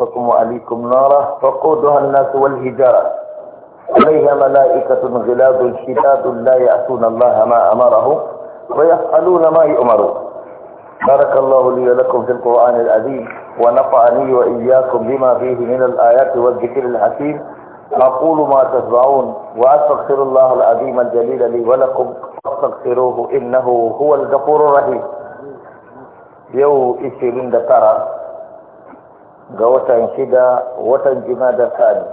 أنفسكم وأليكم نارا فقودها الناس والهجارة عليها ملائكة غلاظ شداد لا يأتون الله ما أمرهم ويفعلون ما يؤمرون بارك الله لي ولكم في القرآن العظيم ونفعني وإياكم بما فيه من الآيات والذكر الحكيم أقول ما تسمعون وأستغفر الله العظيم الجليل لي ولكم فاستغفروه إنه هو الغفور الرحيم يو إشيرين دكارا ga watan shida watan da sani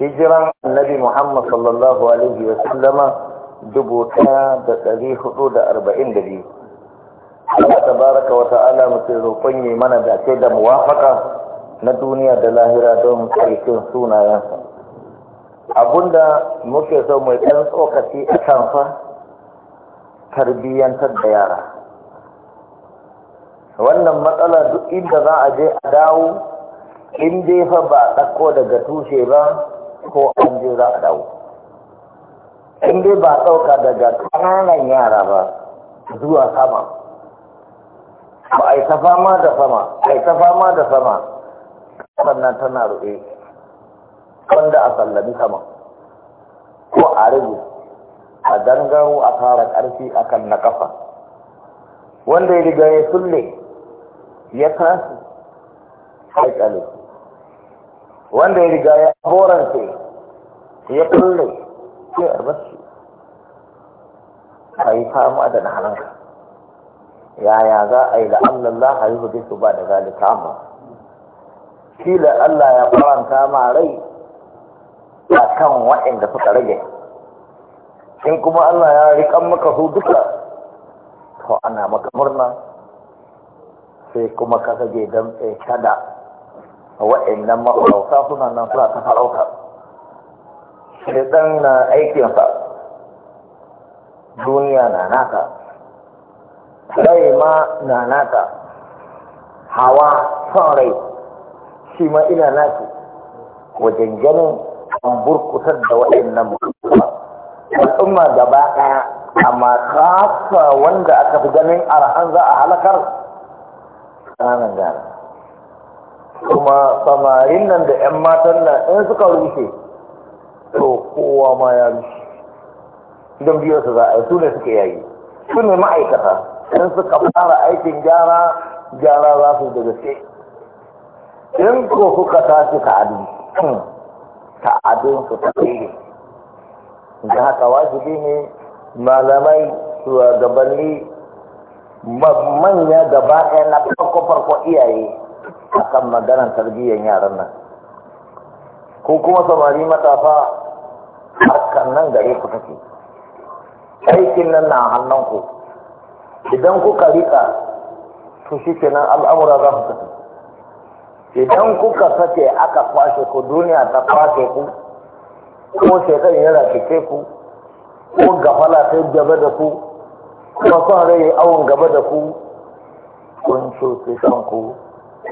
hijiran annabi muhammad sallallahu alaihi wa sallama dubu ɗaya da ɗari hudu da arba'in da biyu Allah tabaraka wa ta'ala mutum roƙon yi mana dace da muwafaka na duniya da lahira don karfin sunayensa abunda muke so mai ɗan tsokaci a kanfa tarbiyyantar da yara wannan matsala duk inda za a je a dawo in dai fa ba a ɗakko daga tushe ba ko an je za a dawo in dai ba ɗauka daga ƙananan yara ba zuwa sama ba a yi ta fama da sama a yi ta fama da sama sannan tana ruɗe wanda a sallami sama ko a rage a dangaro a fara ƙarfi akan na ƙafa. wanda ya riga ya sulle ya kasu haikali wanda ya riga ya horanta ya kulle sai a basu a yi fama da naharanka yaya za a yi za a yi hudisu ba da zalika amma shi da Allah ya faranta ma rai a kan waɗanda suka rage in kuma Allah ya riƙan maka su duka to ana maka murna sai kuma ka sage tsaye kada nan mafarauta suna nan suna ta farauta shaidan na aikinsa duniya na naka rai ma na naka hawa son rai shi ma ina naki wajen ganin an burkutar da wa'annan al'umma gaba ɗaya amma kasa wanda aka fi ganin arhan za a halakar ƙananan gara kuma samarin nan da 'yan matan nan in suka rushe to kowa ma ya rushe don biyo su za a yi su ne suka yayi su ne ma'aikata in suka fara aikin gyara gyara za su da gaske in ko suka tashi ka adu hmm, su ta tsere da haka wajibi ne malamai gabanni manya gaba ɗaya na farko farko iyaye a akan maganar tarbiyyar yaran nan ko kuma samari matafa harkar nan gare ku take aikin nan na hannun ku idan kuka rika to shi nan al'amura za ku tafi idan kuka sake aka kwashe ku duniya ta kwashe ku ko shekaru yana rakice ku ko gafala ta gaba da ku kuma son rai awon gaba da ku kun cuci kanku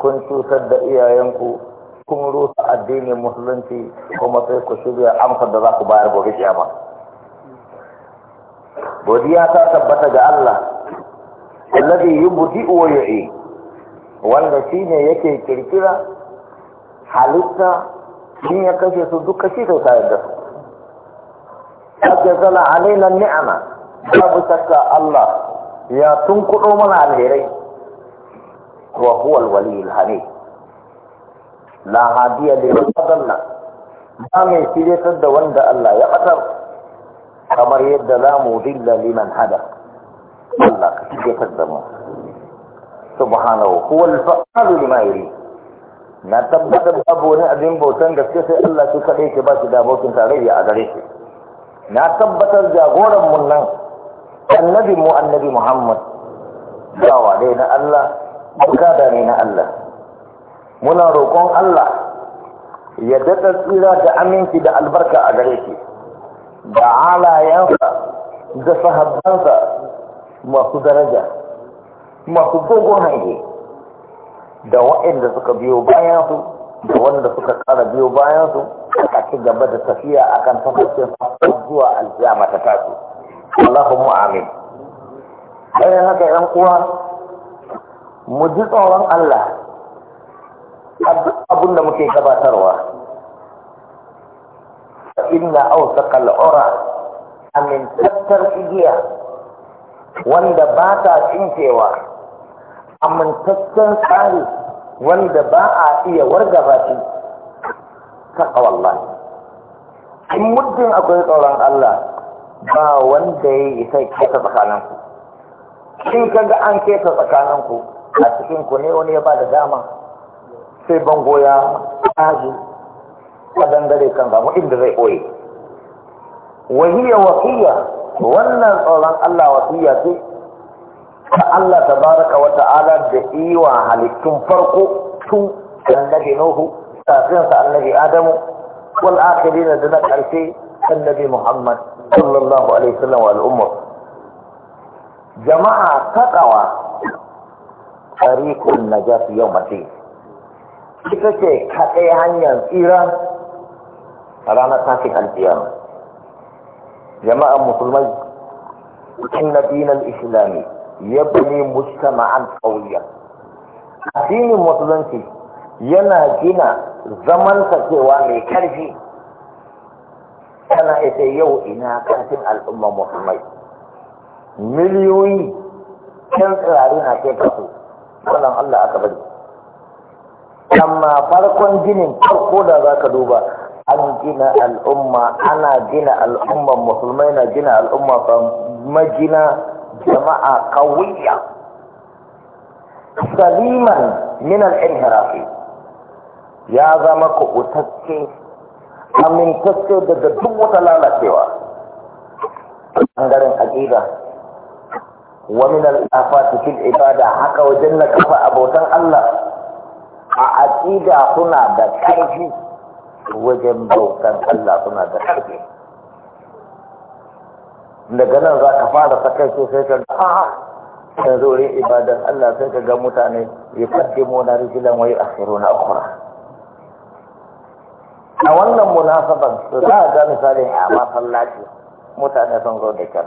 kun cutar da iyayenku kun rusa addinin musulunci kuma sai ku shirya amsa da za ku bayar gobe kiyama godiya ta tabbata ga Allah alladhi yubdi wa yu'i wanda shine yake kirkira halitta shi ya kashe su duka shi ta tayar da su ajzala alaina ni'ama babu shakka Allah ya tun kudo mana alherai wa huwa alwali alhani la hadiya li fadalla ba mai shiryatar da wanda Allah ya batar kamar yadda la dilla liman hada Allah ka shiryatar da mu subhanahu huwa alfa'alu lima yuri na tabbata babu wani abin bautan gaske sai Allah shi kaɗai ke ba shi da abokin tarayya a gare shi na tabbatar jagoran mun nan annabi mu annabi muhammad dawa dai na allah bukada ne na allah muna roƙon allah ya daɗa tsira da aminci da albarka a gare shi da halayensa da sahabbansa masu daraja masu dogon hange da waɗanda suka biyo bayansu da wanda suka ƙara biyo bayansu a ci gaba da tafiya akan tafiya zuwa aljama ta tasu Allahumma amin bayan haka yan uwa mu ji tsoron Allah abin da muke gabatarwa inna awsaqal ura amin tattar igiya wanda ba ta cincewa amintaccen tsari wanda ba a iya wargaba shi taqwallahi in muddin akwai tsoron Allah ba wanda ya yi isa keta tsakaninku ka kaga an keta tsakaninku a cikin ku ne wani ya ba da dama sai bango ya tashi a dangare kan zamu inda zai ɓoye wahiya wasiya wannan tsoron Allah wasiya ce ta Allah tabaraka wata ala da iwa halittun farko tun annabi Nuhu kafin sa annabi Adamu wal na da na karshe النبي محمد صلى الله عليه وسلم والأمة جماعة تقوى طريق النجاة يوم الدين ita ce kaɗai hanyar tsira a ranar tashin alƙiyama jama'an musulmai inna dinar islami ya bane mujtama'an ƙauyen addinin musulunci yana gina zaman cewa mai karfi kana ita yau ina kafin al'umma musulmai. miliyoyi can tsirari na kai kasu wannan allah aka bari amma farkon ginin farko da za ka duba an gina al'umma ana gina al'umma musulmai na gina al'umma fa majina jama'a kawiyya saliman min al-inhirafi ya zama kubutacce amintacce daga duk wata lalacewa ɓangaren aƙida wani na lafa cikin ibada haka wajen na kafa abotan Allah a aƙida suna da ƙarfi wajen bautan Allah suna da ƙarfi daga nan za ka fara sakai so sai ka ga yanzu wurin ibadan Allah sai ka ga mutane ya kaddimu na rijilan wai akhiruna ukhra a wannan munasaban su za a ga misalin a masallaci mutane sun zo da kyar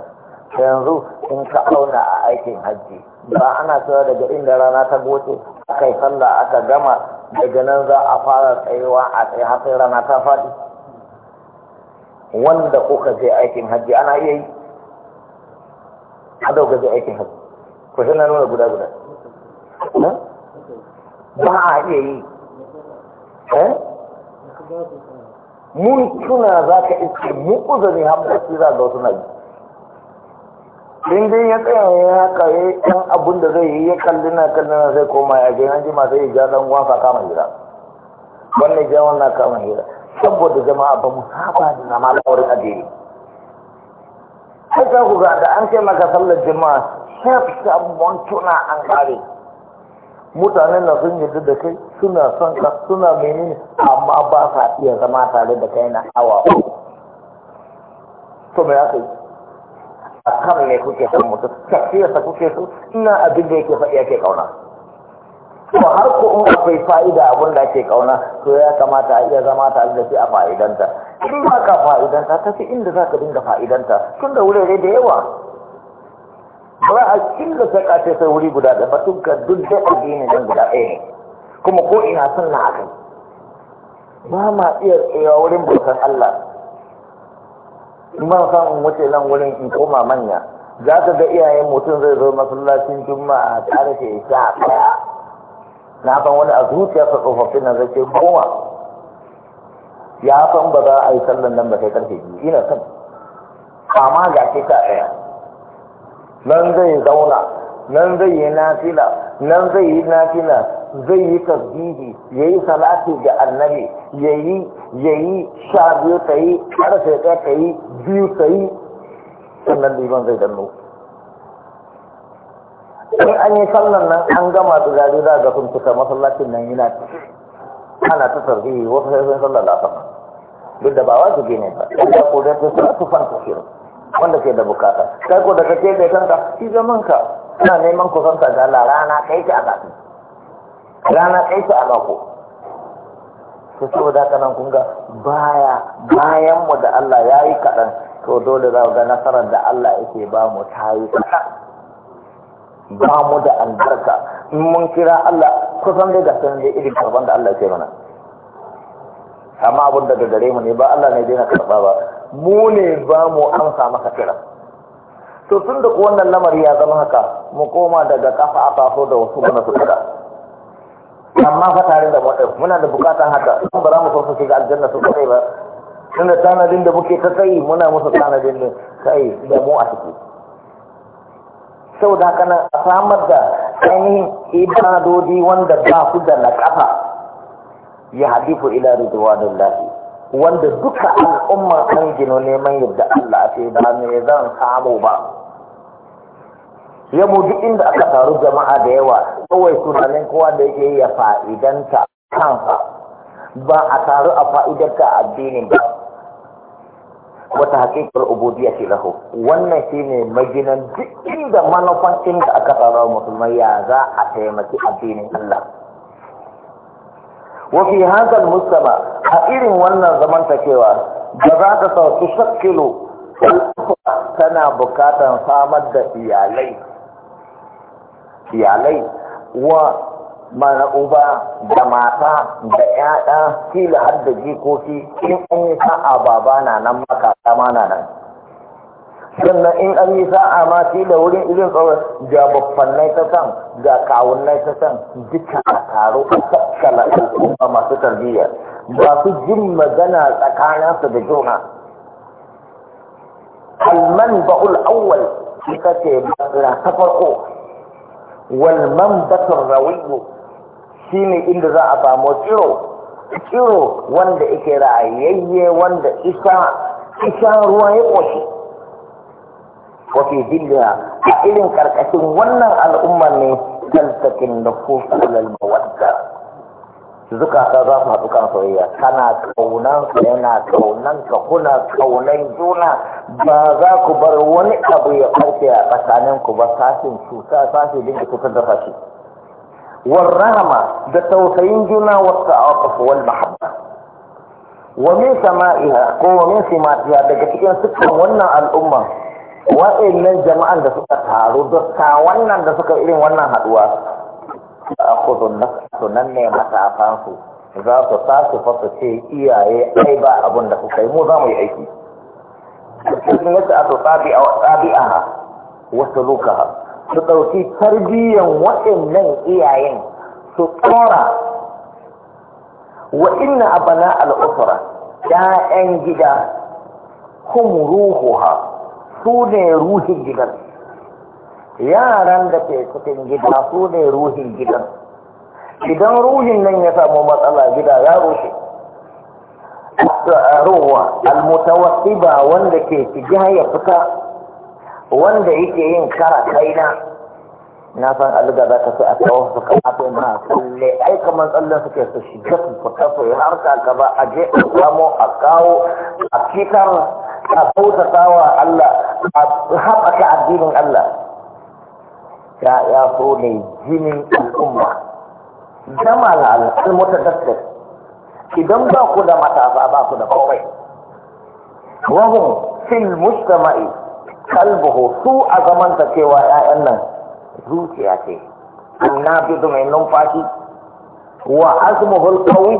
yanzu in ka auna a aikin hajji ba ana cewa daga inda rana ta goce aka yi sallah aka gama daga nan za a fara tsayuwa a tsaye har sai rana ta faɗi wanda kuka je aikin hajji ana iya yi hada kuka je aikin hajji ku na nuna guda guda ba a iya yi eh mun suna za ka iske mu uzuri har da shi za ga wasu nabi dindin ya tsaya ya haka ya yi ɗan abin da zai yi ya kalli na kalli na sai koma ya je hanji masu yi ja ɗan gwafa kama hira wannan ja wannan kama hira saboda jama'a ba mu saba da zama laurin addini sai ka ku ga da an kai maka sallar jama'a shaf sabuwan tuna an kare mutanen na sun yarda da kai suna son ka suna menene amma ba sa iya zama tare da kai na awa to me ya kai? a kan ne kuke son mutum tafiyarsa kuke so ina abin da yake faɗi yake kauna to har ko in akwai fa'ida abin da ake kauna to ya kamata a iya zama tare da shi a fa'idanta in ba ka fa'idanta ta fi inda za ka dinga fa'idanta tun da wurare da yawa ba a killa ta kace sai wuri guda da batun ka duk da addini nan guda ɗaya ne kuma ko ina na akai ba ma iya tsayawa wurin bautan Allah in ba san in wuce nan wurin in koma manya za ka ga iyayen mutum zai zo masallacin juma'a tare da isa ɗaya na san wani a sa tsofaffi na zai ce goma ya san ba za a yi sallan nan ba sai karfe biyu ina san amma ga ke ka ɗaya nan zai zauna nan zai yi nafila nan zai yi nafila zai yi tasbihi ya yi salati ga annabi ya yi ya yi sha biyu ta yi har sai ta ta yi biyu ta yi sannan liman zai danno in an yi sallan nan an gama da gari za ga sun cika masallacin nan yana ana ta tarbihi wasu sai sun sallar lafa duk da ba wajibi ne ba ko da ta sallar tufan tafiyar wanda ke da bukata kai ko da kake da kanka shi zaman ka ina neman kusanta ga Allah rana kai ta a baki rana kai ta a bako to saboda haka nan ga, baya bayan mu da Allah ya yi kaɗan to dole za ga nasarar da Allah yake ba mu ta yi kaɗan ba mu da albarka in mun kira Allah kusan dai da sanin dai irin karban da Allah yake mana amma abin da gare mu ne ba Allah ne dai na karɓa ba mu ne za mu amsa maka kira to tun da wannan lamari ya zama haka mu koma daga kafa a faso da wasu mana su kira amma fa tare da mu muna da bukatan haka ba za mu so shiga aljanna su kai ba tun da tanadin da muke ta kai, muna musu tanadin ne kai da mu a ciki saboda haka na samar da ainihin ibadodi wanda ba su da na kafa ya hadifu ila don lahi wanda duka al'umma an gino neman yadda Allah ce ba me zan samu ba Ya mudu inda aka taru jama'a da yawa kawai tunanin kowa da yake ya fa'idanta kansa ba a taru a fa'idanta addinin ba wata haƙiƙar ya ce lahu wannan shine maginan duk inda manufan inda aka taru musulmai ya za a taimaki addinin Allah wa fi hadal a irin wannan zamantakewa da za ta sauki shakkilo tana bukatan samar da iyalai iyalai wa mana uba da mata da yada kila har da jikoki in an yi sa'a baba na nan maka na nan sannan in an yi sa'a ma sai da wurin irin tsawon ga baffannai ta ga kawunnai ta san duka a taro a tattala al'umma masu tarbiyya ba su jin magana tsakaninsu da juna alman ba'ul awwal ita ce ta farko Walman batun rawiyu ne inda za a samu tsiro tsiro wanda yake ra'ayayye wanda isa isa ruwa ya ƙoshi wafi jilliya a irin karkashin wannan al'ummar ne taltakin da wadda. mawadda zukata za su haɗu kan soyayya kana kaunan su yana kaunan ka kuna kaunan juna ba za ku bar wani abu ya ɓarke a tsakanin ku ba sashin cuta sashi dinga cutar da sashi warrama da tausayin juna wasu a wasu wal mahabba wa min sama'iha ko min simatiya daga cikin sukan wannan al'umma wa'annan jama'an da suka taru dukka wannan da suka irin wannan haduwa a kudun sunan ne matafansu za su tasu fasa ce iyaye ai ba abin da kuka yi mu za mu yi aiki cikin yadda a su a wasu luka su ɗauki tarbiyyan waɗannan iyayen su tsora wa inna abana al'usra ya'yan gida ruhu ruhuha su ne ruhin gidan yaran da ke cikin gida su ne ruhin gidan idan ruhin nan ya samu matsala gida ya rushe ruwa almutawassiba wanda ke shiga ya fita wanda yake yin kara kaina na san alga za ka fi a tsawon su kama ta ma kulle ai kamar tsallen suke su shiga su fita su yi har ka ba a je a samu a kawo a fitar a bautatawa Allah haɓaka addinin Allah ya so ne jinin al'umma zama na al'ulmuta daskar idan ba ku da matasa ba ku da kawai wahun fil mujtama'i kalbuhu su a zamanta cewa 'ya'yan nan zuciya ce annabi mai numfashi wa azmuhul qawi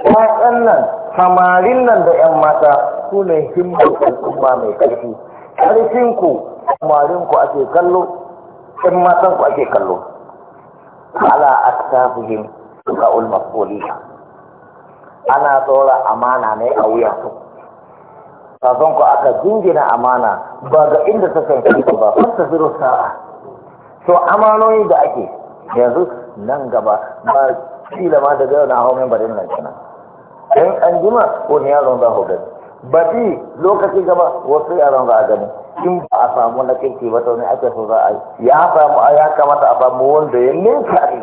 Ya'yan nan samarin nan da 'yan mata su ne himmar al'umma mai ƙarfi ƙarfinku marinku ake kallo in matanku ake kallo ala aktafihim ra'ul mas'uliyya ana tsora amana ne a wuyansu kafin ku aka jingina amana ba ga inda ta kanki ba fasta zuru sa'a to amanoyi da ake yanzu nan gaba ba kila ma da yau na hau min barin nan kenan in an jima wani yaron za ku gani fi lokacin gaba wasu yaran za a gani in ba a samu na kirki ba ta wani ake so za a yi ya samu a ya kamata a samu wanda ya ninka yi.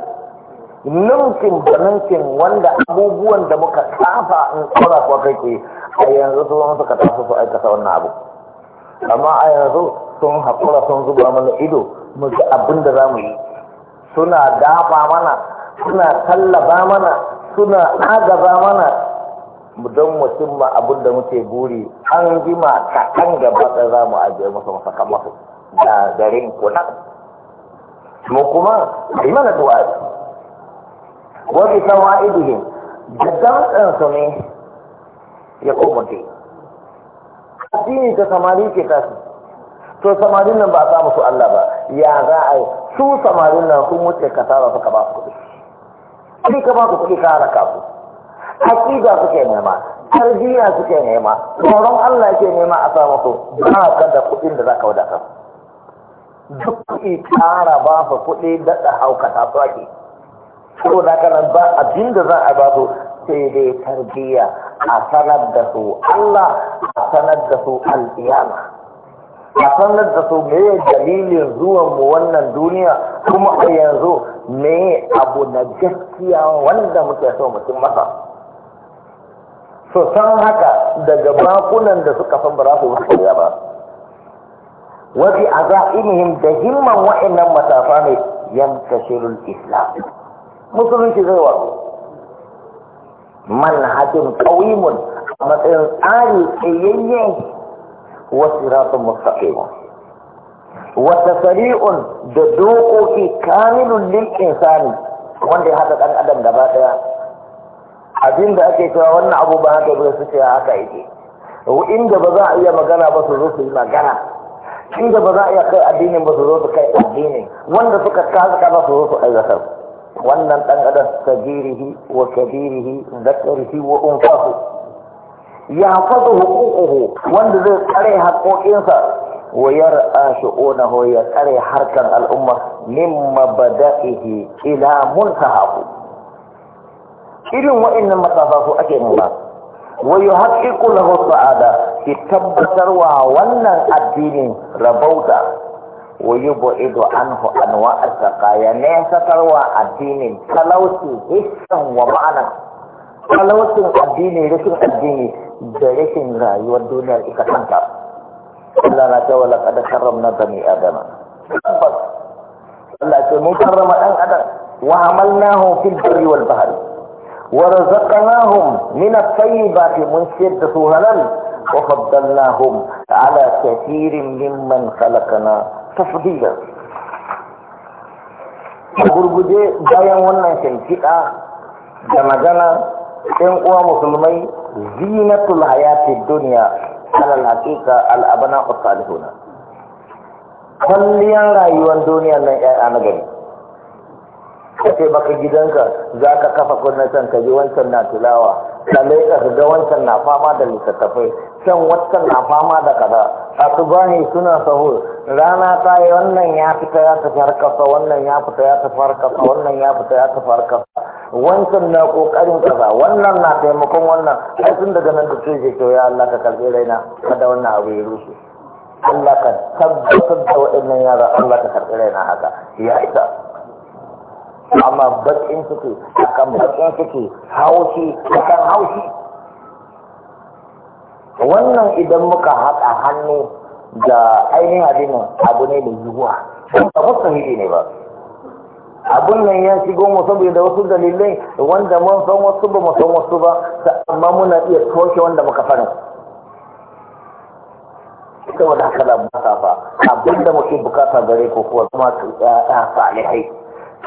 ninkin da ninkin wanda abubuwan da muka kafa in tsora kuwa kake a yanzu su wani suka tafi su aikata wannan abu amma a yanzu sun haƙura sun zuba mana ido mu ji abin da za mu yi suna dafa mana suna tallaba mana suna agaza mana don mu cimma abin da muke buri an jima kan gaba da za mu ajiye kama su da garin kuna mu kuma yi mana du'a wani sama idihim da dantsansu ne ya komace addini ta samari ke kasu. to samarin nan ba a samu su Allah ba ya za a yi su samarin nan sun wuce kasara suka ba su kuɗi kuɗi ka ba su kuɗi ka haraka su hakika suke nema tarbiyya suke nema tsoron Allah ke nema a sa musu ba ka da kuɗin da za ka wadata duk kuɗi tara ba fa kuɗi daɗa haukata ta ake so da nan ba abin da za a ba su sai dai tarbiyya a sanar da su Allah a sanar da su al'iyama a sanar da su meye dalilin zuwan mu wannan duniya kuma a yanzu meye abu na gaskiya wanda muke so mutum masa To san haka daga bakunan da suka san ba za su ya ba wafi a za'inihim da himman wa'annan matafa ne yankashirul islam musulunci zai wasu manhajin ƙawimun a matsayin tsari tsayayyen wasu ratun mustaqimun wata sari'un da dokoki kamilun lil insani wanda ya haɗa ɗan adam gaba ɗaya abin da ake cewa wannan abu ba haka bai su ce haka yake inda ba za a iya magana ba su zo su yi magana inda ba za a iya kai addinin ba su zo su kai addinin wanda suka kasa kaza su zo su aiwatar wannan dan adam sagirihi wa kabirihi zakarihi wa unfahu ya hafazu hukukuhu wanda zai tsare haƙoƙinsa wa yar'a shu'unahu ya tsare harkan al'umma mimma bada'ihi ila muntahahu irin wa'annan matsafa su ake ba wa Kula, hotu sa'ada ki tabbatar wa wannan addinin rabauta wa an wa anwa' saka ya ne sakarwa addinin talauci hissan wa ma'ana talaucin addini rikin addini da rashin rayuwar duniyar ika kanta Allah na ta wala kada na bani adama tabbas Allah ce mun karrama ɗan adam wa hamalnahu fil bari wal bahari ورزقناهم من الطيبات من شد سهلا وفضلناهم على كثير ممن خلقنا تفضيلا gurguje bayan wannan shankiɗa da magana ɗin uwa musulmai zinatul hayati duniya alal haƙiƙa al'abana usalihuna kwalliyar rayuwar duniya nan 'ya'ya na gari ka ce baka gidanka za ka kafa gwamnatin ka ji wancan na tilawa ka leƙa su ga wancan na fama da littattafai can wancan na fama da su asubahi suna sahur rana ta yi wannan ya fita ya tafi harkarsa wannan ya fita ya tafi harkarsa wannan ya fita ya tafi harkarsa wancan na ƙoƙarin kaza wannan na taimakon wannan ai tun daga nan da ce ke ya Allah ka karɓi raina kada wannan abu ya rushe Allah ka tabbatar da waɗannan yara Allah ka karɓi raina haka ya isa amma bakin suke akan bakin suke haushi akan haushi wannan idan muka haɗa hannu da ainihin addinin abu ne da yiwuwa ba mustahili ne ba abun nan ya shigo mu saboda wasu dalilai wanda mun san wasu ba mu san wasu ba amma muna iya toshe wanda muka fara saboda haka da ba ta fa abin da muke bukata gare ku kuwa kuma ta salihai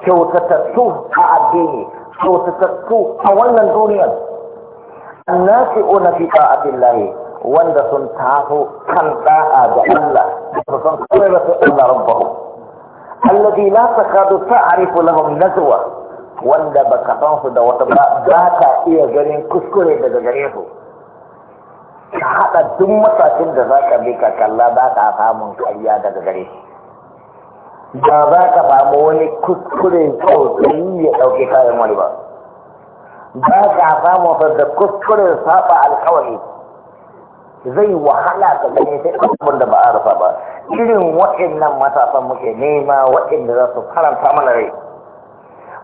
kyautatattu a addini kyautatattu a wannan duniyar annasi una fi ta'atillahi wanda sun taso kan da'a ga Allah da sun kare da su Allah rabbahu alladhi la takadu ta'rifu lahum nazwa wanda baka san su da wata ba za ka iya ganin kuskure daga gare su ka haɗa duk matashin da za ka bi ka kalla ba ka samun karya daga gare su ba za ka samu wani kuskure sosai ya ɗauke kayan wani ba ba ka samu da kuskure saɓa alkawari zai wahala ka gane sai abubuwan da ba a rufa ba irin waɗannan matasan muke nema waɗanda za su faranta mana rai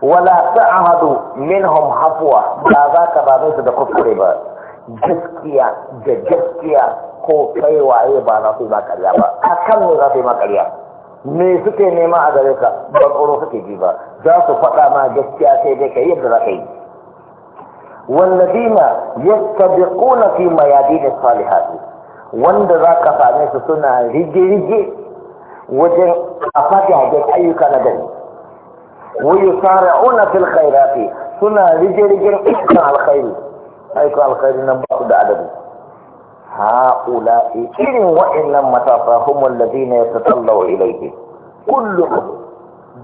wala ta'ahadu minhum hafuwa ba za ka same su da kuskure ba gaskiya da gaskiya ko kai waye ba za su yi ba a ba ne za su yi ma me suke nema a gare ka ba tsoro suke ji ba za su faɗa ma gaskiya sai dai ka yadda za ka yi wallazina yastabiquna fi mayadin salihati wanda za ka same su suna rige-rige wajen a fagagen ayyuka na gari wuyi tsara una fil khairati suna rige-rigen iskan alkhairi ayyukan alkhairi nan ba su da adabi هؤلاء إن وإن لم هم الذين يتطلعوا إليه كلهم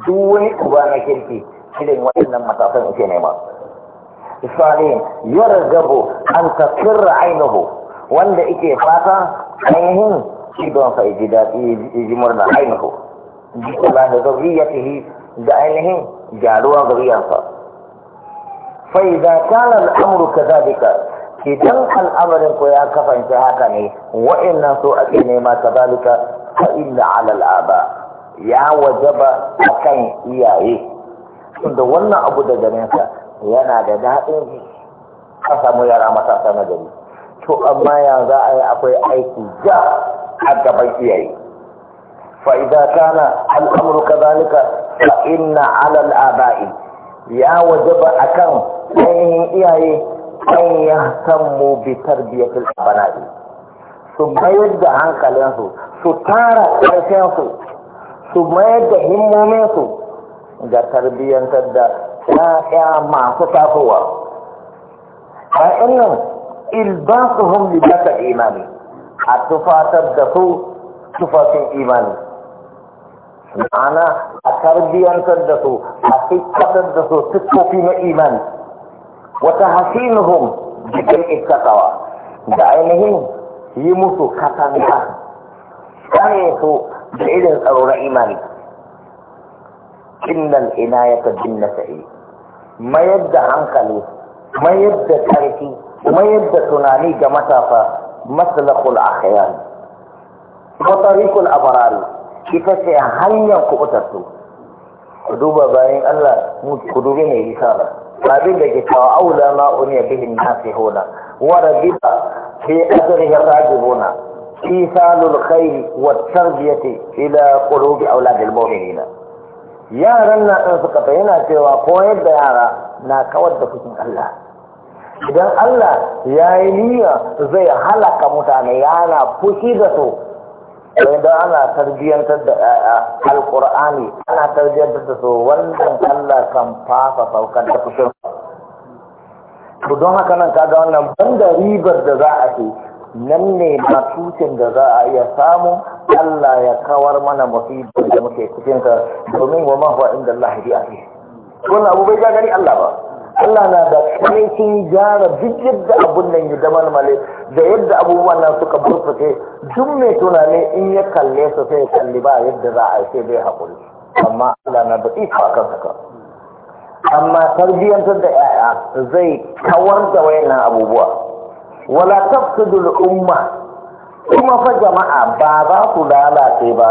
دون أبانا كنتي إن وإن لم متافهم سينما الصالحين يرغب أن تقر عينه وأن إكي فاتا عينهم إذن فإجداد إجمرنا عينه بسلاه ذريته بعينهم جعلوا ذريا فإذا كان الأمر كذلك idan al'amarin ko ya kafance haka ne wa'annan so ake nema ta fa inna ala al'aba ya wajaba akan iyaye da wannan abu da ganinsa yana da daɗin ka samu yara matasa na gari to amma ya za a yi akwai aiki ja a gaban iyaye fa'iza kana al'amuru kazalika fa inna ala al'aba'i ya wajaba akan ainihin iyaye an yahtammu bi tarbiyatul abanadi su mayar da hankalinsu su tara ƙarfinsu su mayar da himmominsu ga tarbiyyantar da ya'ya masu tasowa a nan hun libata imani a tufatar da su tufafin imani ma'ana a tarbiyyantar da su a fitatar da su tufafi na imani wata hasinuhum jikin iskatawa da ainihin yi musu katanta kare su da irin tsaro na imani ya inayata na sa'i mayar da hankali mayar da karfi mayar da tunani ga matafa maslahul akhyar matarikul tariqul ita ce hanyar kubutar su ku duba bayan Allah ku dubi mai risala abin da ke kawo aula ma uniya bihin hona wa ragiba fi hona fi isalul kai wa tarbiyati ila qulubi auladil na yaran na ɗan suka yana cewa ko yadda yara na kawar da fushin Allah idan Allah ya yi niyya zai halaka mutane yana fushi da su idan ana tarbiyyantar da ƴaƴa ana tarbiyyantar da su wannan allah kan fasa saukar da kusur to don haka nan kaga wannan banda ribar da za a ce nan ne matucin da za a iya samu allah ya kawar mana musibar da muke cikinsa domin wa mahuwa inda allah bi a ce wannan abu bai gani allah ba Allah na da kamancin gyara duk yadda abun nan ya zama male da yadda abubuwan nan suka burfuke duk mai tunani in ya kalle su sai ya kalli ba yadda za a yi sai haƙuri amma Allah na da iko kan haka amma tarbiyyantar da 'ya'ya zai kawar da wayannan abubuwa wala tafsidul umma kuma fa jama'a ba za ku lalace ba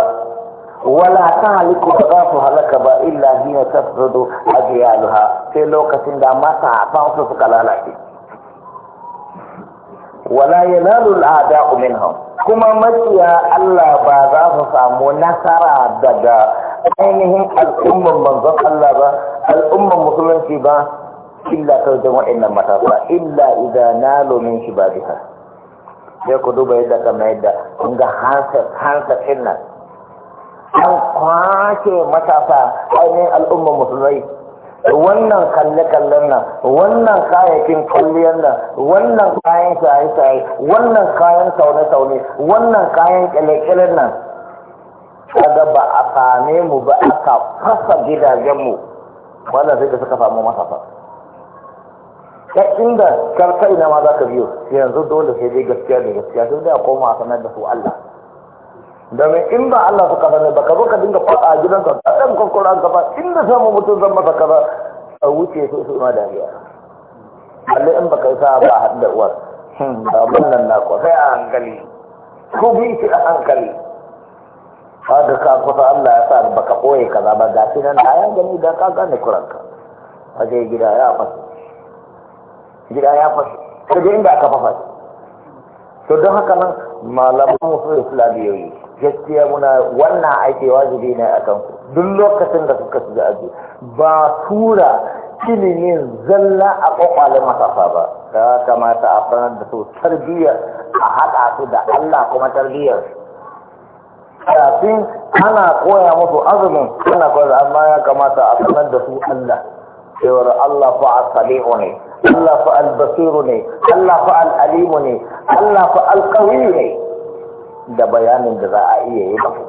wala ta haliku ba za su halaka ba illa hiya tasrudu ajyaluha sai lokacin da mata hafan su suka lalace wala yanalu al'ada'u minhum kuma maciya Allah ba za su samu nasara da da ainihin al'umman manzon Allah ba al'umman musulunci ba illa ta wajen waɗannan matasa illa idan nalo min shi ba bisa sai ku duba yadda kama yadda kun hansa hansa an kwace matasa ainihin al'ummar musulmai wannan kalle-kallen nan wannan kayayyakin kwalliyar nan wannan kayan shaye-shaye wannan kayan saune-saune wannan kayan kyale-kyalen nan kaga ba a same mu ba aka fasa gidajenmu wannan sai da suka samu matasa ta inda karkai na ma za ka biyo yanzu dole sai dai gaskiya da gaskiya sai dai a koma a sanar da su Allah domin in ba Allah su kafa ne ba ka zo ka dinga faɗa a gidansa ba ɗan kwakwaran ka ba inda samu mutum zan masa kaza a wuce su su ma dariya Allah in ba kai sa ba har da uwar hmm, ba wannan na ko sai a hankali ko bi ki a hankali da ka kusa Allah ya sa ba ka ɓoye kaza ba ga shi nan da ya gani da ka gane a waje gida ya fasa gida ya fasa kaje inda aka fafa to don haka nan malamu musu islamiyoyi gaskiya muna wannan aiki wajibi ne a kanku duk lokacin da suka shiga aji ba tura ilimin zalla a kwakwalin matasa ba ta kamata a sanar da su tarbiyyar a haɗa su da Allah kuma tarbiyyar kafin ana koya musu azumin ana koya da amma ya kamata a sanar da su Allah cewar Allah fa as ne Allah fa Albasiru ne Allah fa al-alimu ne Allah fa ne da bayanin da za a iya yi maku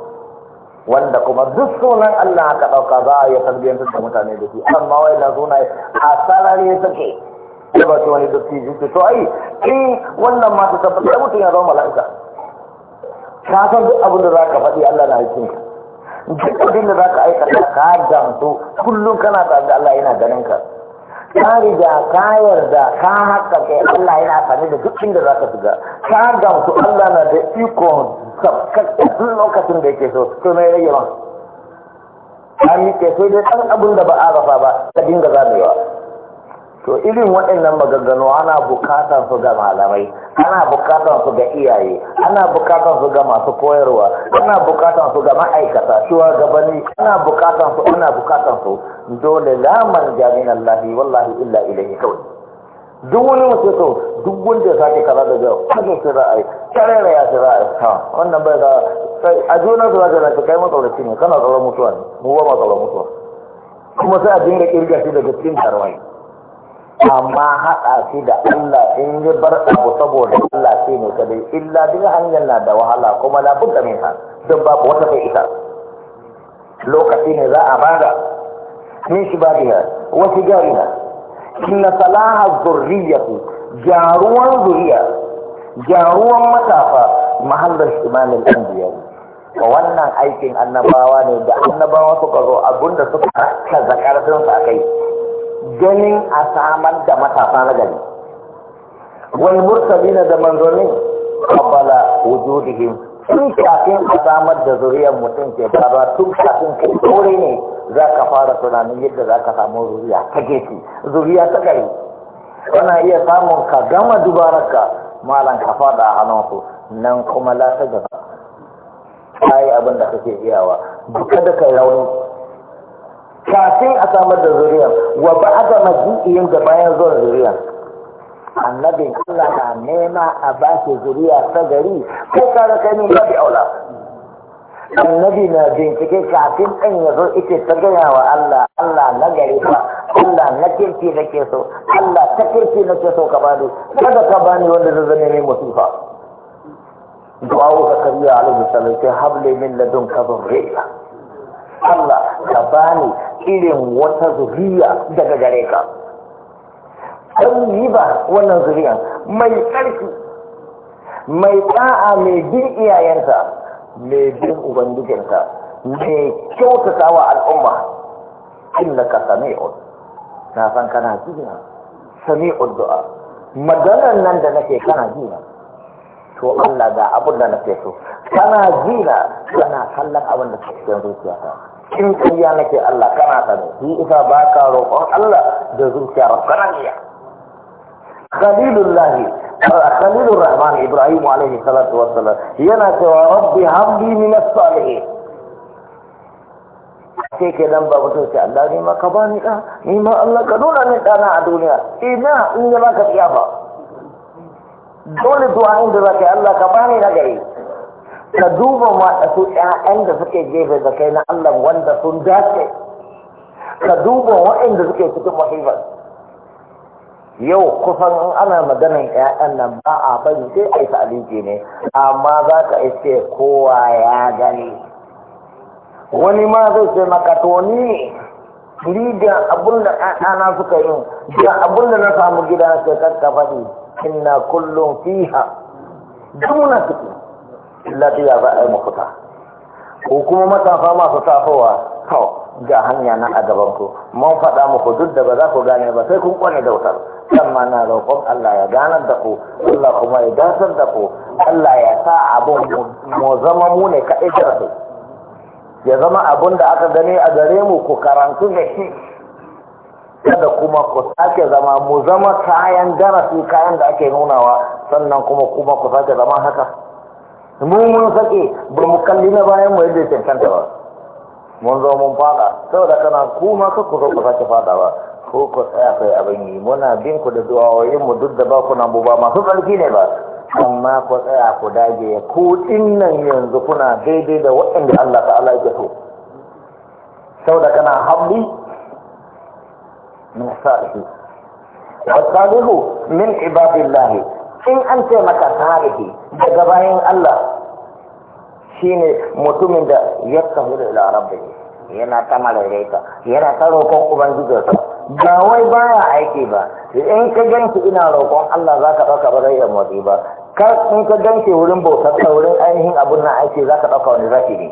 wanda kuma duk sunan Allah aka ɗauka za a yi tarbiyyantar da mutane da shi amma wai na zuna a ya sake da ba su wani dukki jiki to ai in wannan masu tabbatar mutum ya zama mala'ika ka san duk abin da za ka faɗi Allah na haifin duk abin da za ka aikata ka gamsu kullum kana tare da Allah yana ganin ka ka riga ka yarda ka haka kai Allah yana sane da duk inda zaka shiga ka gamsu Allah na da iko duk lokacin da yake so to mai rage ma an yi ke sai dai ɗan abin da ba a rafa ba ka dinga zamewa to irin waɗannan maganganu ana bukatar su ga malamai ana bukatar su ga iyaye ana bukatar su ga masu koyarwa ana bukatar su ga ma'aikata shugabanni ana bukatar su ana bukatar su dole laman jamin Allah wallahi illa ilayhi kawai duk wani mutum to duk wanda ya sake kaza da jawo kaje shi ra'ayi kare da ya shi ra'ayi ha wannan bai da a a yi, juna su zaka zaka kai matsauraci ne kana tsoron mutuwa ne mu ba matsauraci mutuwa kuma sai a dinga kirga shi daga cikin tarwai amma haɗa shi da Allah in yi bar abu saboda Allah shi ne kadai illa duk hanyar na da wahala kuma na budda min ha don babu wata sai ita lokaci ne za a bada min shi babiha wa sigariha inna salaha zurriyatu jaruwan zuriya jaruwan matafa mahallar shimalin anbiya wa wannan aikin annabawa ne da annabawa suka zo abinda suka haka zakarfin sa kai ganin a samar da matasa na gari wal na da manzonin qabala wujudihim tun shafin a samar da zuriyar mutum ke ba tun shafin kai kore ne za ka fara tunanin yadda za ka samu zuriya ta gefe zuriya ta gari kana iya samun ka gama dubaraka, malam ka fada a hannunsu nan kuma la ta ta yi abin da kake iyawa da ka rauni kafin a samar da zuriya wa ba'da maji'in da bayan zuwan zuriya annabin Allah na nema a ba shi zuriya ta gari ko kare kai min babu aula annabi na bincike kafin ɗan ya zo ita ta gaya wa Allah Allah na gari fa Allah na kirki ke so Allah ta kirki ke so ka bani kada ka bani wanda zai zame mai musifa du'a ka kariya alaihi salatu habli min ladun ka dhurriya Allah ka bani irin wata zuriya daga gare ka yi ba wannan zuriyan mai ƙarfi, mai ɗa'a mai bin iyayensa mai bin ubangijinsa mai kyautata wa al'umma innaka sami'un na san kana jina sami'ud du'a maganar nan da nake kana jina to Allah ga abin da nake so kana jina kana kallon abin da kan cikin zuciyata kin kariya nake Allah kana da shi isa ba ka roƙon Allah da zuciya rabbananiya khalilullahi khalilur rahman ibrahim alaihi salatu wassalam yana cewa rabbi habbi min as-salihin ke ke nan ba mutum sai Allah ne ma ka ba ni ɗa ni ma Allah ka nuna ni na a duniya ina in ya baka tsiya ba dole du'a inda zaka yi Allah ka ba ni na gari ka duba waɗansu ‘ya'yan da suke gefe da kai na Allah wanda sun dace ka duba waɗanda suke cikin masifar yau kusan in ana maganin ‘ya'yan nan ba a bari sai a yi ta'aliki ne amma za ka iske kowa ya gani wani ma zai ce maka to ni ni da abun da ɗana suka yi da abun da na samu gida sai kakka fadi inna kullum fiha duk muna cikin ta yaba a yi mafuta ko kuma matafa masu tafowa kawo ga hanya nan a gaban ku mun faɗa muku duk da ba za ku gane ba sai kun kwane da wutar kan ma na roƙon Allah ya ganar da ku Allah kuma ya dasar da ku Allah ya sa abun mu zama mu ne kaɗai jirage ya zama abun da aka gani a gare mu ku karantu da shi kada kuma ku sake zama mu zama kayan darasi kayan da ake nunawa sannan kuma kuma ku sake zama haka mu mun sake ba mu kalli na bayan mu yadda cancanta ba mun zo mun fada saboda kana kuma ka ku zo ku sake fada ba ko ku tsaya kai abin yi muna bin ku da zuwa duwawoyin mu duk da ba ku nan ba masu tsarki ne ba amma ku tsaya ku dage ku din nan yanzu kuna daidai da waɗanda Allah ta'ala ya so saboda kana habli min salihi Wa salihu min الله sai an ce maka salihi daga bayan Allah shi ne mutumin da ya kahu da ila yana ta malaraita yana ta roƙon ubangijinsa ba wai baya aiki ba in ka ganki ina roƙon Allah za ka ɗauka ba zai motsi ba kar in ka ganki wurin bautar ka wurin ainihin abun na aiki za ka ɗauka wani zafi ne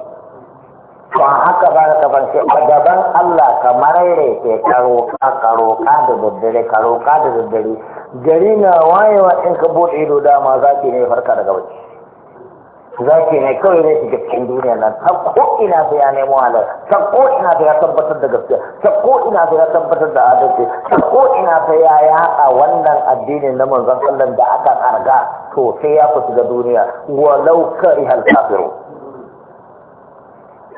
to haka ba ka banci a gaban Allah ka maraire ke ka roƙa ka roƙa da daddare ka roƙa da daddare gari na wayewa in ka bude ido dama zaki ne farka daga za zaki ne kawai ne shiga cikin duniya nan ta ko ina sai ya nemo halar ta ko ina sai ya tabbatar da gaskiya ta ko ina sai ya tabbatar da adalci ta ko ina sai ya yaɗa wannan addinin na manzon Allah da aka karga to sai ya fita ga duniya walau hal kafiru